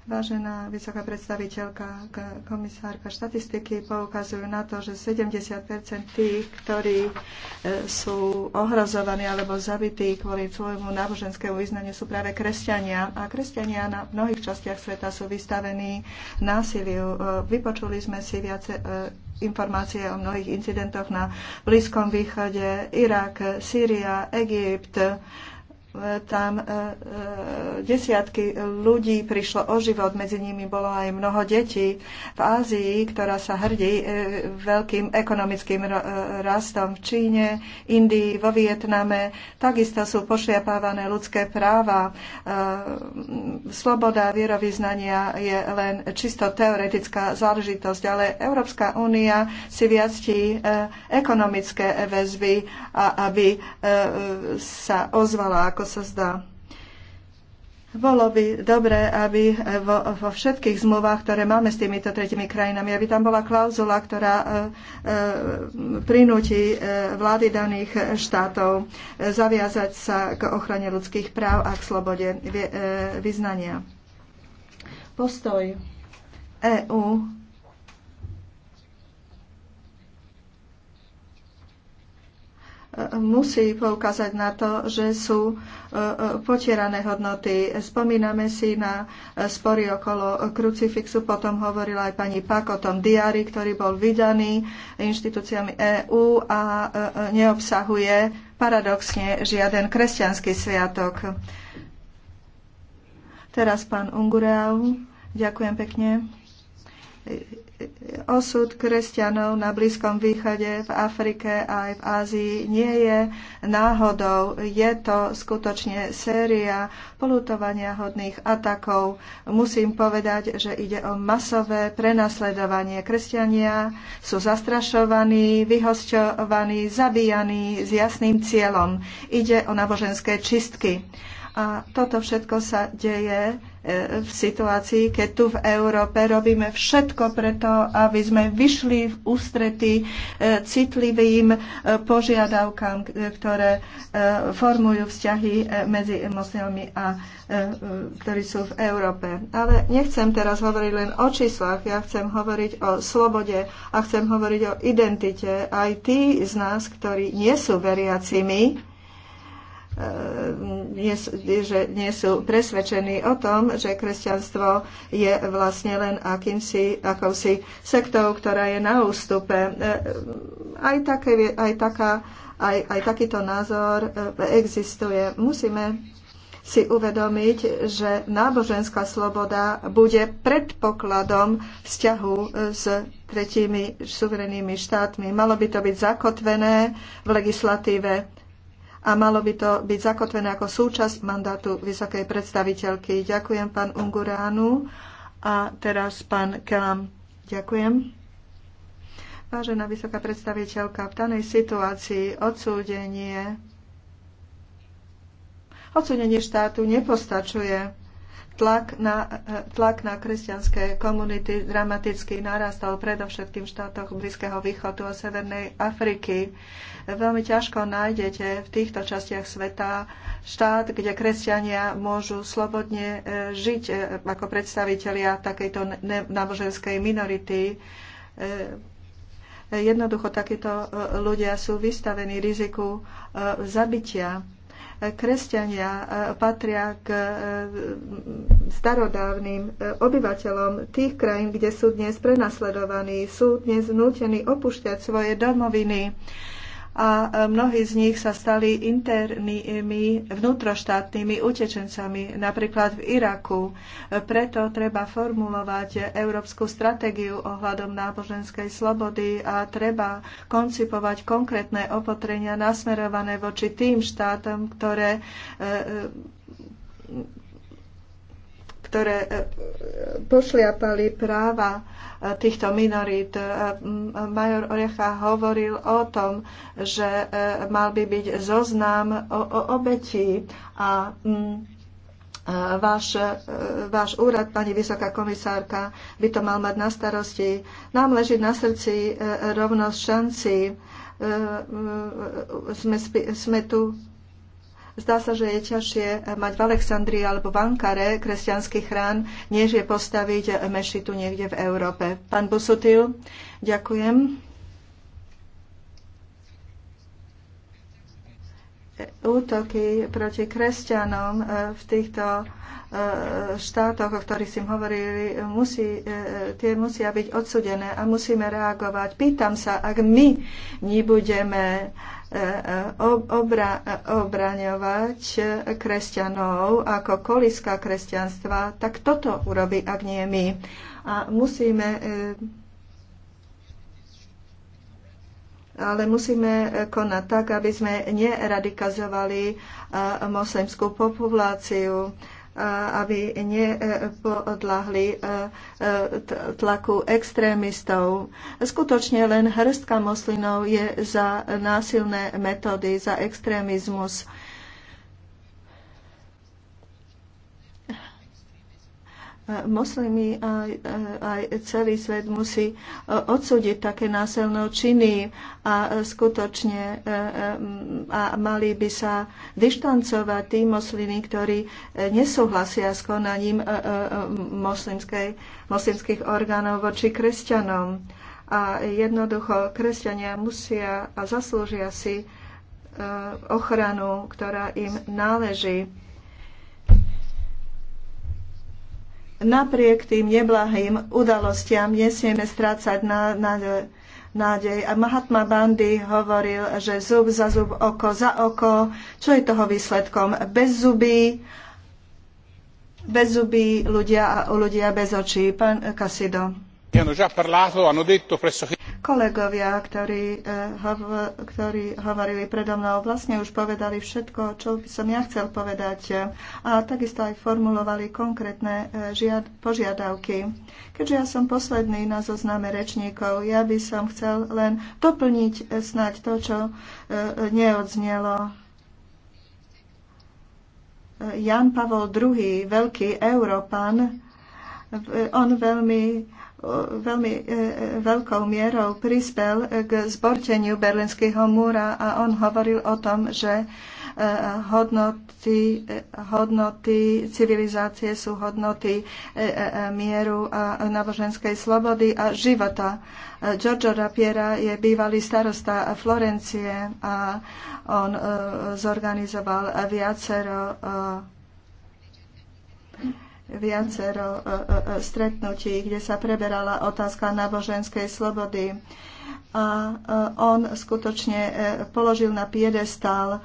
A: Vážená vysoká predstaviteľka, komisárka, štatistiky poukazujú na to, že 70 tých, ktorí e, sú ohrozovaní alebo zabití kvôli svojmu náboženskému vyznaniu, sú práve kresťania. A kresťania na mnohých častiach sveta sú vystavení násiliu. E, vypočuli sme si viace e, informácie o mnohých incidentoch na Blízkom východe, Irak, Sýria, Egypt tam e, e, desiatky ľudí prišlo o život, medzi nimi bolo aj mnoho detí. V Ázii, ktorá sa hrdí e, veľkým ekonomickým rastom v Číne, Indii, vo Vietname, takisto sú pošliapávané ľudské práva. Sloboda vierovýznania je len čisto teoretická záležitosť, ale Európska únia si viactí ekonomické väzby, aby sa ozvala ako sa zdá. Bolo by dobré, aby vo, vo všetkých zmluvách, ktoré máme s týmito tretimi krajinami, aby tam bola klauzula, ktorá e, e prinúti e, vlády daných štátov e, zaviazať sa k ochrane ľudských práv a k slobode vyznania. Postoj EÚ musí poukázať na to, že sú e, e, potierané hodnoty. Spomíname si na e, spory okolo krucifixu, potom hovorila aj pani Pak o tom diári, ktorý bol vydaný inštitúciami EÚ a neobsahuje paradoxne žiaden kresťanský sviatok. Teraz pán Ungureau. Ďakujem pekne osud kresťanov na Blízkom východe, v Afrike a aj v Ázii nie je náhodou. Je to skutočne séria polutovania hodných atakov. Musím povedať, že ide o masové prenasledovanie. Kresťania sú zastrašovaní, vyhosťovaní, zabíjaní s jasným cieľom. Ide o náboženské čistky. A toto všetko sa deje e, v situácii, keď tu v Európe robíme všetko preto, aby sme vyšli v ústrety e, citlivým e, požiadavkám, ktoré formujú vzťahy medzi moslimami a ktorí sú v Európe. Ale nechcem teraz hovoriť len o číslach, ja chcem hovoriť o slobode a chcem hovoriť o identite. Aj tí z nás, ktorí nie sú veriacimi, nie, eh, že nie sú presvedčení o tom, že kresťanstvo je vlastne len akýmsi, akousi sektou, ktorá je na ústupe. Eh, aj, také, aj, taká, aj, aj takýto názor eh, existuje. Musíme si uvedomiť, že náboženská sloboda bude predpokladom vzťahu s tretími suverenými štátmi. Malo by to byť zakotvené v legislatíve a malo by to byť zakotvené ako súčasť mandátu vysokej predstaviteľky. Ďakujem pán Unguránu a teraz pán Kelam. Ďakujem. Vážená vysoká predstaviteľka, v danej situácii odsúdenie, odsúdenie štátu nepostačuje. Tlak na, tlak na kresťanské komunity dramaticky narastal predovšetkým v štátoch Blízkeho východu a Severnej Afriky. Veľmi ťažko nájdete v týchto častiach sveta štát, kde kresťania môžu slobodne e, žiť e, ako predstavitelia takejto náboženskej minority e, jednoducho takíto ľudia sú vystavení riziku zabitia. Kresťania patria k starodávnym obyvateľom tých krajín, kde sú dnes prenasledovaní, sú dnes nútení opúšťať svoje domoviny a e, mnohí z nich sa stali internými vnútroštátnymi utečencami, napríklad v Iraku. E, preto treba formulovať európsku stratégiu ohľadom náboženskej slobody a treba koncipovať konkrétne opatrenia nasmerované voči tým štátom, ktoré e, ktoré e, pošliapali práva e, týchto minorít. E, major Orecha hovoril o tom, že mal by byť zoznam o, o obetí a váš, váš úrad, pani vysoká komisárka, by to mal mať na starosti. Nám leží na srdci rovnosť šanci. Sme, sme tu Zdá sa, že je ťažšie mať v Alexandrii alebo v Ankare kresťanský chrán, než je postaviť mešitu niekde v Európe. Pán Busutil, ďakujem. Útoky proti kresťanom eh, v týchto eh, štátoch, o ktorých si hovorili, musí, eh, tie musia byť odsudené a musíme reagovať. Pýtam sa, ak my nebudeme obraňovať kresťanov ako koliska kresťanstva, tak toto urobí, ak nie my. A musíme e, ale musíme konať tak, aby sme neradikazovali e, moslimskú populáciu aby nepodľahli e, e, tlaku extrémistov. Skutočne len hrstka moslinov je za násilné metódy, za extrémizmus moslimy a aj celý svet musí e, odsúdiť také násilné činy a e, skutočne e, a mali by sa dištancovať tí moslimy, ktorí nesúhlasia s konaním moslimských orgánov voči kresťanom. A jednoducho kresťania musia a zaslúžia si ochranu, ktorá im náleží Napriek tým neblahým udalostiam nesmieme strácať na, na, nádej. A Mahatma Bandy hovoril, že zub za zub, oko za oko. Čo je toho výsledkom? Bez zuby, bez zuby ľudia a ľudia bez očí. Pán Casido. Kolegovia, ktorí, eh, ktorí hovorili predo mnou, vlastne už povedali všetko, čo by som ja chcel povedať a takisto aj formulovali konkrétne eh, žiad, požiadavky. Keďže ja som posledný na zozname rečníkov, ja by som chcel len doplniť eh, snať to, čo neodznelo Jan Pavol II, veľký Európan, on veľmi veľmi e, e, veľkou mierou prispel k zborteniu berlínskeho múra a on hovoril o tom, že e, hodnoty, hodnoty civilizácie sú hodnoty mieru a náboženskej slobody a života. Giorgio Rapiera je bývalý starosta Florencie a on zorganizoval viacero viacero e, e, e, stretnutí, kde sa preberala otázka náboženskej slobody. A on skutočne položil na piedestal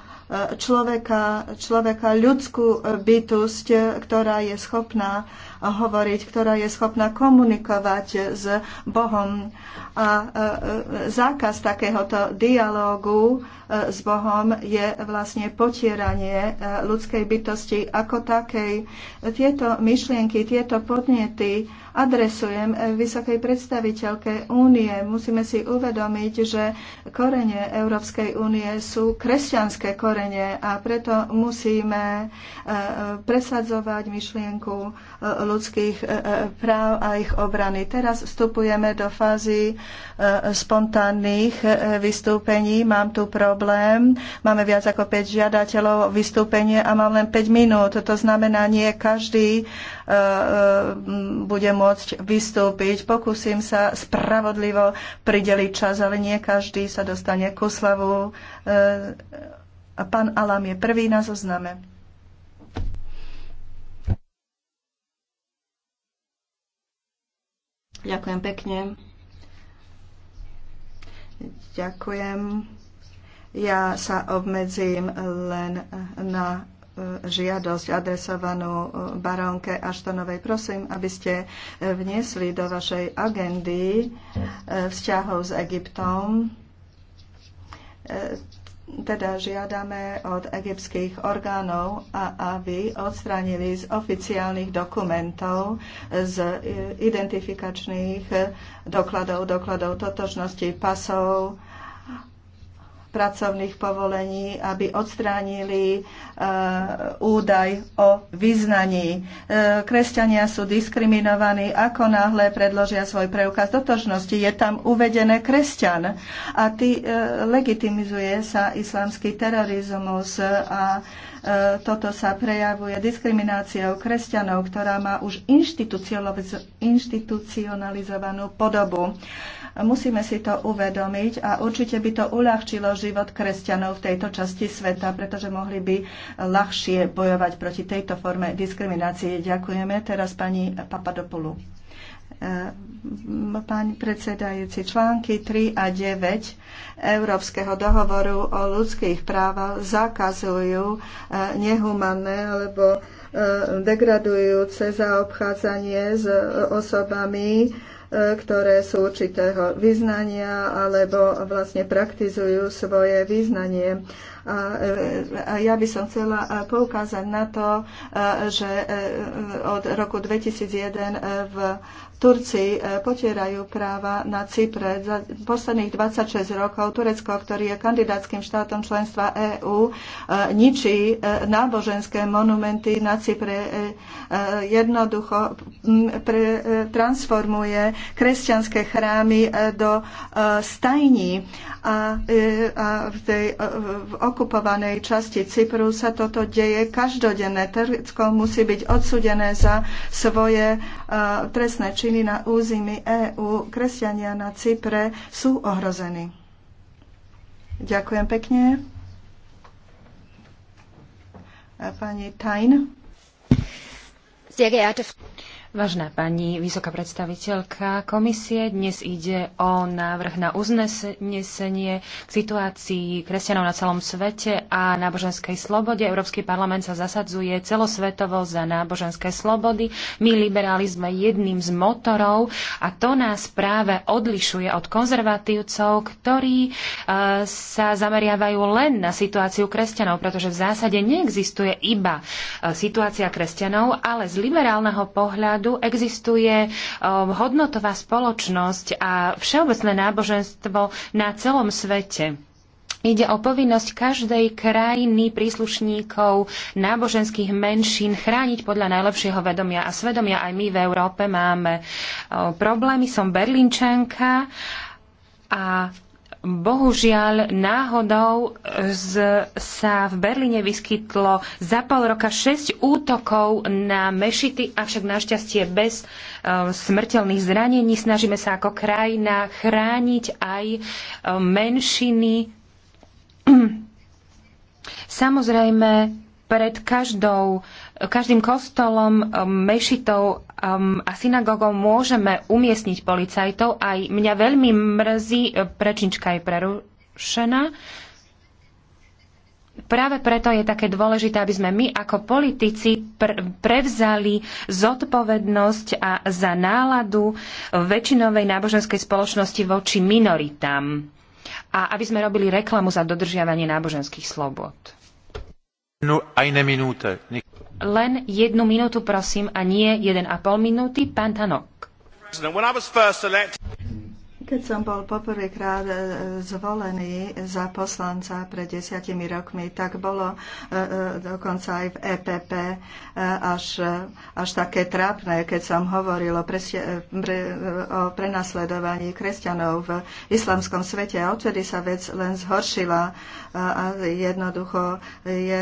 A: človeka, človeka, ľudskú e, bytosť, e, ktorá je schopná hovoriť, ktorá je schopná komunikovať s Bohom. A e, zákaz takéhoto dialógu s Bohom je vlastne potieranie ľudskej bytosti ako takej. Tieto myšlienky, tieto podnety adresujem vysokej predstaviteľke únie. Musíme si uvedomiť, že korene Európskej únie sú kresťanské korene utrpenie a preto musíme e, e, presadzovať myšlienku e, ľudských práv a ich obrany. Teraz vstupujeme do fázy spontánnych vystúpení. Mám tu problém. Máme viac ako 5 žiadateľov o vystúpenie a mám len 5 minút. To znamená, nie každý bude môcť vystúpiť. Pokúsim sa spravodlivo prideliť čas, ale nie každý sa dostane ku slavu a pán Alam je prvý na zozname. Ďakujem pekne. Ďakujem. Ja sa obmedzím len na e, žiadosť adresovanú e, barónke Aštonovej. Prosím, aby ste e, vniesli do vašej agendy vzťahov s Egyptom teda žiadame od egyptských orgánov, a aby odstranili z oficiálnych dokumentov, z e, identifikačných dokladov, dokladov totožnosti pasov, pracovných povolení, aby odstránili e, údaj o vyznaní. E, kresťania sú diskriminovaní, ako náhle predložia svoj preukaz dotožnosti. Je tam uvedené kresťan a e, legitimizuje sa islamský terorizmus a toto sa prejavuje diskrimináciou kresťanov, ktorá má už inštitucionalizovanú podobu. Musíme si to uvedomiť a určite by to uľahčilo život kresťanov v tejto časti sveta, pretože mohli by ľahšie bojovať proti tejto forme diskriminácie. Ďakujeme. Teraz pani Papadopoulou e, pán predsedajúci, články 3 a 9 Európskeho dohovoru o ľudských právach zakazujú e, nehumanné alebo e, degradujúce zaobchádzanie s osobami E, ktoré sú určitého vyznania alebo vlastne praktizujú svoje vyznanie. A e, ja by som chcela e, poukázať na to, že od roku 2001 v Turci e, potierajú práva na Cypre. Za posledných 26 rokov Turecko, ktorý je kandidátským štátom členstva EÚ, e, ničí e, náboženské monumenty na Cypre. Jednoducho transformuje kresťanské chrámy do stajní a, v tej okupovanej časti Cypru sa toto deje každodenné. Turecko musí byť odsudené za svoje trestné činy menšiny na území EÚ, kresťania na Cypre sú ohrození. Ďakujem pekne. A pani Tajn. Sehr geehrte Frau Vážna
D: pani vysoká predstaviteľka komisie, dnes ide o návrh na uznesenie k situácii kresťanov na celom svete a náboženskej slobode. Európsky parlament sa zasadzuje celosvetovo za náboženské slobody. My, liberáli, sme jedným z motorov a to nás práve odlišuje od konzervatívcov, ktorí e, sa zameriavajú len na situáciu kresťanov, pretože v zásade neexistuje iba e, situácia kresťanov, ale z liberálneho pohľadu príkladu existuje e, hodnotová spoločnosť a všeobecné náboženstvo na celom svete. Ide o povinnosť každej krajiny príslušníkov náboženských menšín chrániť podľa najlepšieho vedomia a svedomia. Aj my v Európe máme e, problémy. Som berlínčanka a Bohužiaľ, náhodou e, z, sa v Berlíne vyskytlo za pol roka 6 útokov na mešity, avšak našťastie bez um, smrteľných zranení. Snažíme sa ako krajina chrániť aj um, menšiny. Samozrejme, pred každou uh, každým kostolom, um, mešitou um, a synagogou môžeme umiestniť policajtov. Aj mňa veľmi mrzí, e, prečnička je prerušená. Práve preto je také dôležité, aby sme my ako politici prevzali zodpovednosť a za náladu väčšinovej náboženskej spoločnosti voči minoritám a aby sme robili reklamu za dodržiavanie náboženských slobod. No, len jednu minútu, prosím, a nie 1,5 minúty. Pán
A: Tanok. Keď som bol poprvýkrát e, zvolený za poslanca pred desiatimi rokmi, tak bolo e, e, dokonca aj v EPP až, až také trápne, keď som hovoril o, presie, pre, o prenasledovaní kresťanov v islamskom svete. A odtedy sa vec len zhoršila a jednoducho je,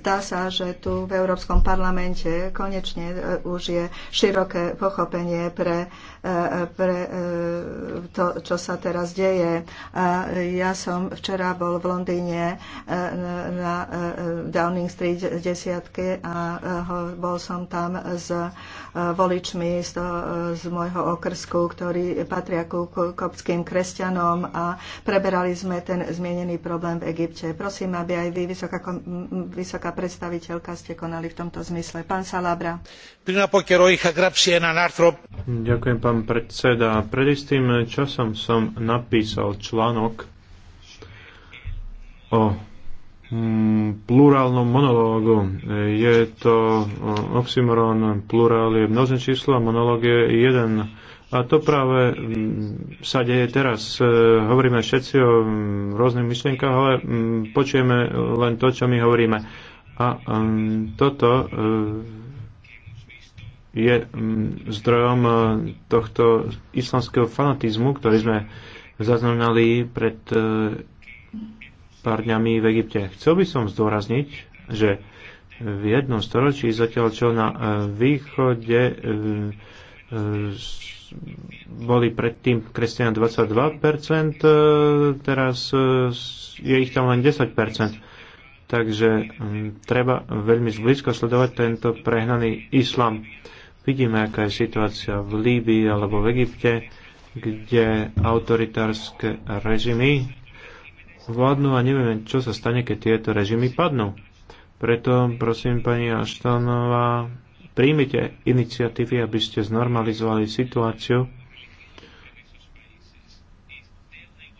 A: zdá sa, že tu v Európskom parlamente konečne už je široké pochopenie pre pre e, to, čo sa teraz deje. ja som včera bol v Londýne e, na e, Downing Street 10 a bol som tam s voličmi z, toho, z môjho okrsku, ktorí patria ku kopským kresťanom a preberali sme ten zmienený problém v Egypte. Prosím, aby aj vy, vysoká, vysoká predstaviteľka, ste konali v tomto zmysle. Pán Salabra.
B: Ďakujem, pán predseda. Pred istým časom som napísal článok o mm, plurálnom monológu. Je to oxymoron, plurál je množné číslo a monológ je jeden. A to práve mm, sa deje teraz. E, hovoríme všetci o mm, rôznych myšlienkach, ale počujeme len to, čo my hovoríme. A toto e, je mm, zdrojom e, tohto islamského fanatizmu, ktorý sme zaznamenali pred e, pár dňami v Egypte. Chcel by som zdôrazniť, že v jednom storočí zatiaľ čo na e, východe boli predtým kresťania 22%, teraz je ich tam len 10%. Takže mm, treba veľmi zblízko sledovať tento prehnaný islam. Vidíme, aká je situácia v Líbii alebo v Egypte, kde autoritárske režimy vládnu a nevieme, čo sa stane, keď tieto režimy padnú. Preto prosím pani Aštanová, príjmite iniciatívy, aby ste znormalizovali situáciu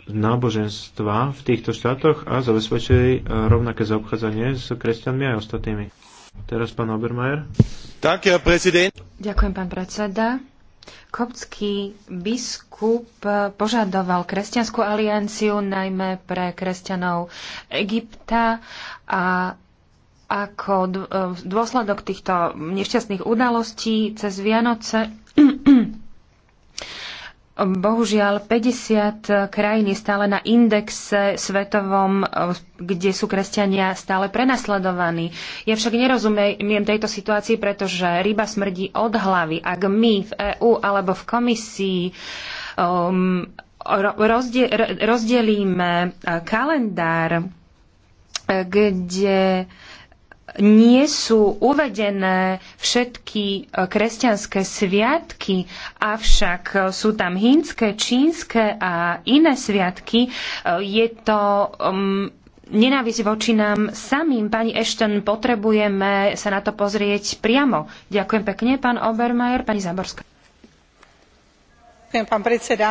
B: náboženstva v týchto štátoch a zabezpečili rovnaké zaobchádzanie s kresťanmi aj ostatnými. Teraz pán Obermajer.
D: Ďakujem, pán predseda. Koptský biskup požadoval kresťanskú alianciu najmä pre kresťanov Egypta a ako e, dôsledok týchto nešťastných udalostí cez Vianoce Bohužiaľ, 50 krajín je stále na indexe svetovom, kde sú kresťania stále prenasledovaní. Ja však nerozumiem tejto situácii, pretože ryba smrdí od hlavy. Ak my v EÚ alebo v komisii um, rozdie, rozdelíme kalendár, kde nie sú uvedené všetky e, kresťanské sviatky, avšak e, sú tam hínske, čínske a iné sviatky. E, je to um, nenávisť voči nám samým. Pani Ešten, potrebujeme sa na to pozrieť priamo. Ďakujem pekne, pán Obermajer, pani Zaborská.
C: Ďakujem, pán predseda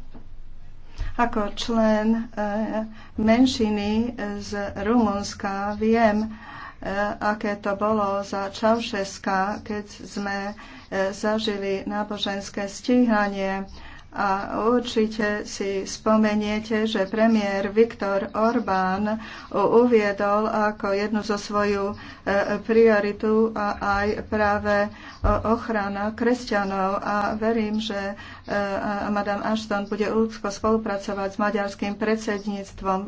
A: Ako člen e, menšiny z Rumunska viem, e, aké to bolo za Čaušeska, keď sme e, zažili náboženské stíhanie a určite si spomeniete, že premiér Viktor Orbán uviedol ako jednu zo svoju e, prioritu a aj práve e, ochrana kresťanov. A verím, že e, madame Ashton bude úzko spolupracovať s maďarským predsedníctvom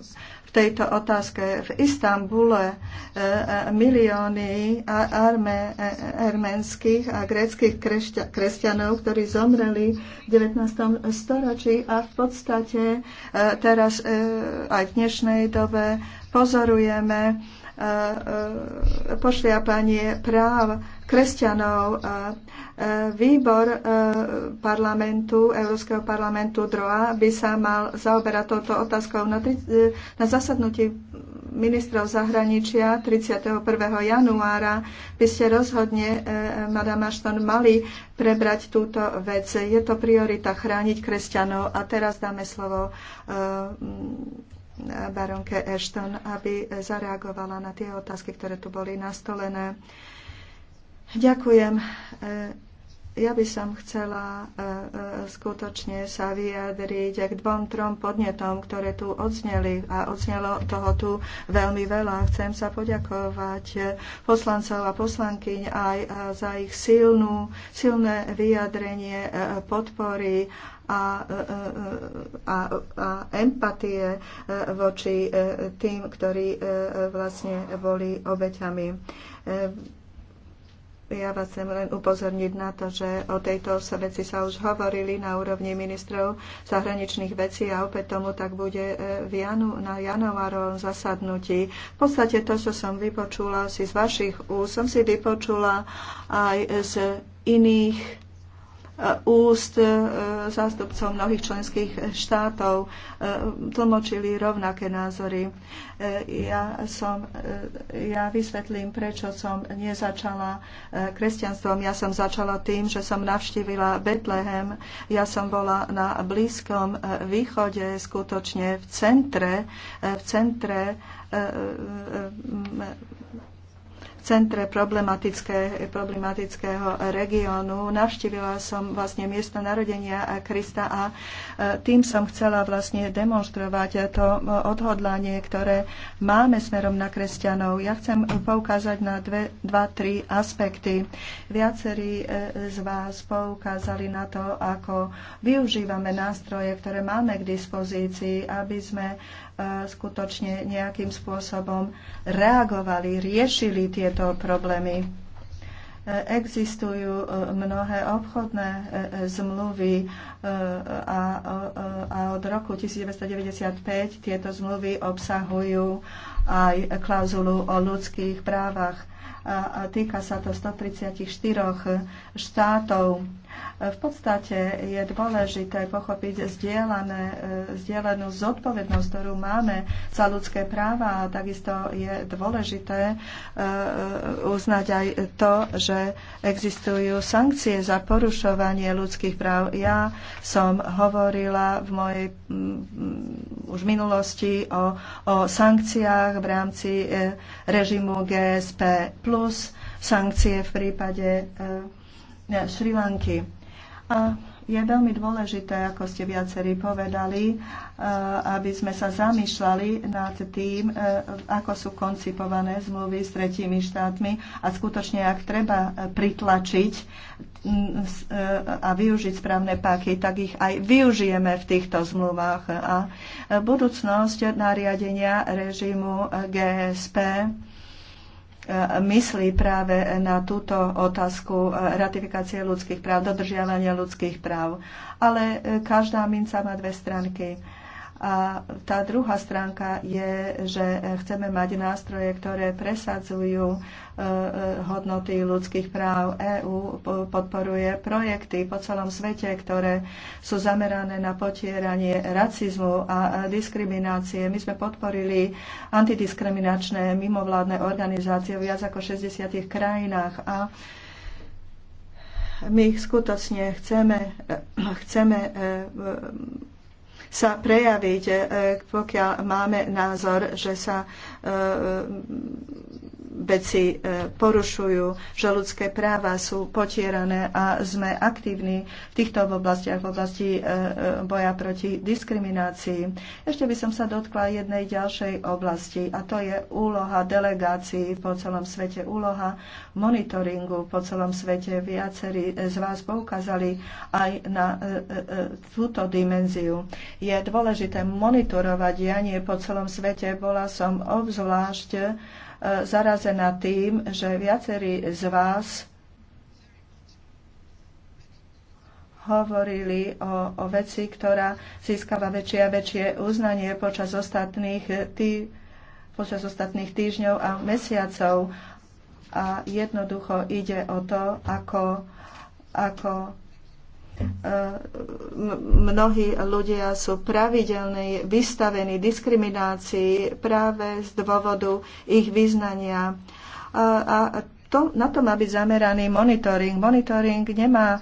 A: tejto otázke. V Istambule e, e, milióny e, arménskych a gréckých kresťanov, ktorí zomreli v 19. storočí a v podstate teraz aj v dnešnej dobe pozorujeme E, pošliapanie práv kresťanov. E, výbor e, parlamentu, Európskeho parlamentu DROA by sa mal zaoberať touto otázkou na, na zasadnutí ministrov zahraničia 31. januára by ste rozhodne, Madame Ashton, mali prebrať túto vec. Je to priorita chrániť kresťanov. A teraz dáme slovo baronke Ashton, aby zareagovala na tie otázky, ktoré tu boli nastolené. Ďakujem ja by som chcela e, e, skutočne sa vyjadriť k dvom, trom podnetom, ktoré tu odzneli a odznelo toho tu veľmi veľa. Chcem sa poďakovať poslancov a poslankyň aj e, za ich silnú, silné vyjadrenie podpory a, a, a empatie voči tým, ktorí vlastne boli obeťami ja vás chcem len upozorniť na to, že o tejto veci sa už hovorili na úrovni ministrov zahraničných vecí a opäť tomu tak bude e, v janu, na januárovom zasadnutí. V podstate to, čo som vypočula si z vašich úst, som si vypočula aj z iných E, úst e, zástupcov mnohých členských štátov e, tlmočili rovnaké názory. Ja, som, ja vysvetlím, prečo som nezačala kresťanstvom. Ja som začala tým, že som navštívila Betlehem. Ja som bola na Blízkom východe, skutočne v centre, v centre centre problematické, problematického regiónu. Navštívila som vlastne miesto narodenia Krista a e, tým som chcela vlastne demonstrovať to odhodlanie, ktoré máme smerom na kresťanov. Ja chcem poukázať na dve, dva, tri aspekty. Viacerí e, z vás poukázali na to, ako využívame nástroje, ktoré máme k dispozícii, aby sme E, skutočne nejakým spôsobom reagovali, riešili tieto problémy. E, existujú e, mnohé obchodné zmluvy a od roku 1995 tieto zmluvy obsahujú aj klauzulu o ľudských právach. A týka sa to 134 štátov v podstate je dôležité pochopiť e, zdieľanú zodpovednosť, ktorú máme za ľudské práva a takisto je dôležité e, e, uznať aj to, že existujú sankcie za porušovanie ľudských práv. Ja som hovorila v mojej už v minulosti o, o sankciách v rámci režimu GSP+, plus sankcie v prípade E, Šri Lanky. A je veľmi dôležité, ako ste viacerí povedali, e, aby sme sa zamýšľali nad tým, e, ako sú koncipované zmluvy s tretími štátmi a skutočne, ak treba pritlačiť a využiť správne páky, tak ich aj využijeme v týchto zmluvách. A budúcnosť nariadenia režimu GSP myslí práve na túto otázku eh, ratifikácie ľudských práv, dodržiavania ľudských práv. Ale eh, každá minca má dve stránky. A tá druhá stránka je, že chceme mať nástroje, ktoré presadzujú e, e, hodnoty ľudských práv. EÚ podporuje projekty po celom svete, ktoré sú zamerané na potieranie racizmu a diskriminácie. My sme podporili antidiskriminačné mimovládne organizácie v viac ako 60 krajinách a my skutočne chceme, e, chceme sa prejaviť, e, pokiaľ máme názor, že sa e, veci e, porušujú, že ľudské práva sú potierané a sme aktívni v týchto oblastiach, v oblasti e, e, boja proti diskriminácii. Ešte by som sa dotkla jednej ďalšej oblasti a to je úloha delegácií po celom svete, úloha monitoringu po celom svete. Viacerí z vás poukázali aj na túto dimenziu. Je dôležité monitorovať dianie po celom svete. Bola som obzvlášť zarazená tým, že viacerí z vás hovorili o, o veci, ktorá získava väčšie a väčšie uznanie počas ostatných, tý, počas ostatných týždňov a mesiacov. A jednoducho ide o to, ako, ako mnohí ľudia sú pravidelne vystavení diskriminácii práve z dôvodu ich vyznania. A, a to, na to má byť zameraný monitoring. Monitoring nemá e,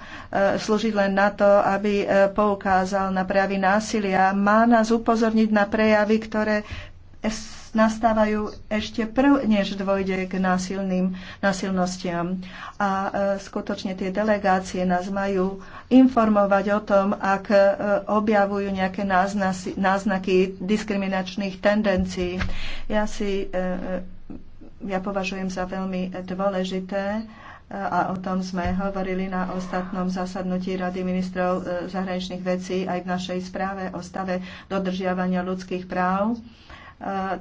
A: slúžiť len na to, aby e, poukázal na prejavy násilia. Má nás upozorniť na prejavy, ktoré nastávajú ešte prv, než dôjde k násilným násilnostiam. A e, skutočne tie delegácie nás majú informovať o tom, ak e, objavujú nejaké náznaky diskriminačných tendencií. Ja si e, ja považujem za veľmi dôležité, a o tom sme hovorili na ostatnom zasadnutí Rady ministrov zahraničných vecí aj v našej správe o stave dodržiavania ľudských práv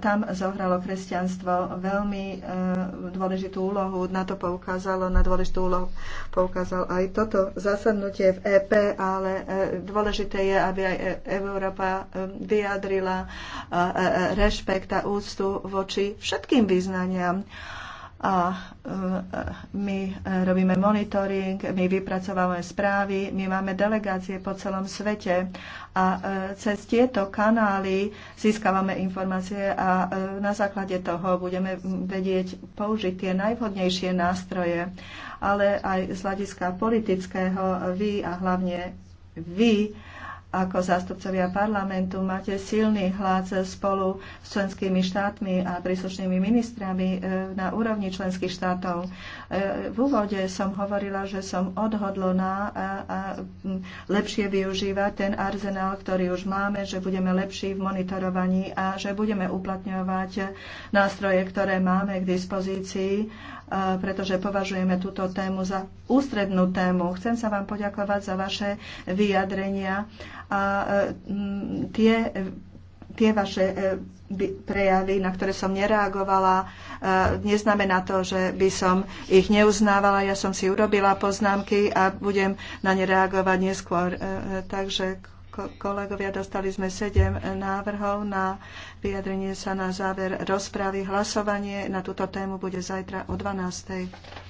A: tam zohralo kresťanstvo veľmi e, dôležitú úlohu. Na to poukázalo, na dôležitú úlohu poukázal aj toto zasadnutie v EP, ale e, dôležité je, aby aj Európa e, vyjadrila rešpekt a úctu voči všetkým význaniam a e, my robíme monitoring, my vypracovávame správy, my máme delegácie po celom svete a e, cez tieto kanály získavame informácie a e, na základe toho budeme vedieť použiť tie najvhodnejšie nástroje, ale aj z hľadiska politického vy a hlavne vy ako zástupcovia parlamentu máte silný hlas spolu s členskými štátmi a príslušnými ministrami e, na úrovni členských štátov. E, v úvode som hovorila, že som odhodlná a lepšie využívať ten arzenál, ktorý už máme, že budeme lepší v monitorovaní a že budeme uplatňovať nástroje, ktoré máme k dispozícii pretože považujeme túto tému za ústrednú tému. Chcem sa vám poďakovať za vaše vyjadrenia a e, tie, tie vaše e, prejavy, na ktoré som nereagovala, e, neznamená to, že by som ich neuznávala. Ja som si urobila poznámky a budem na ne reagovať neskôr. Takže kolegovia, dostali sme sedem návrhov na vyjadrenie sa na záver rozpravy. Hlasovanie na túto tému bude zajtra o 12.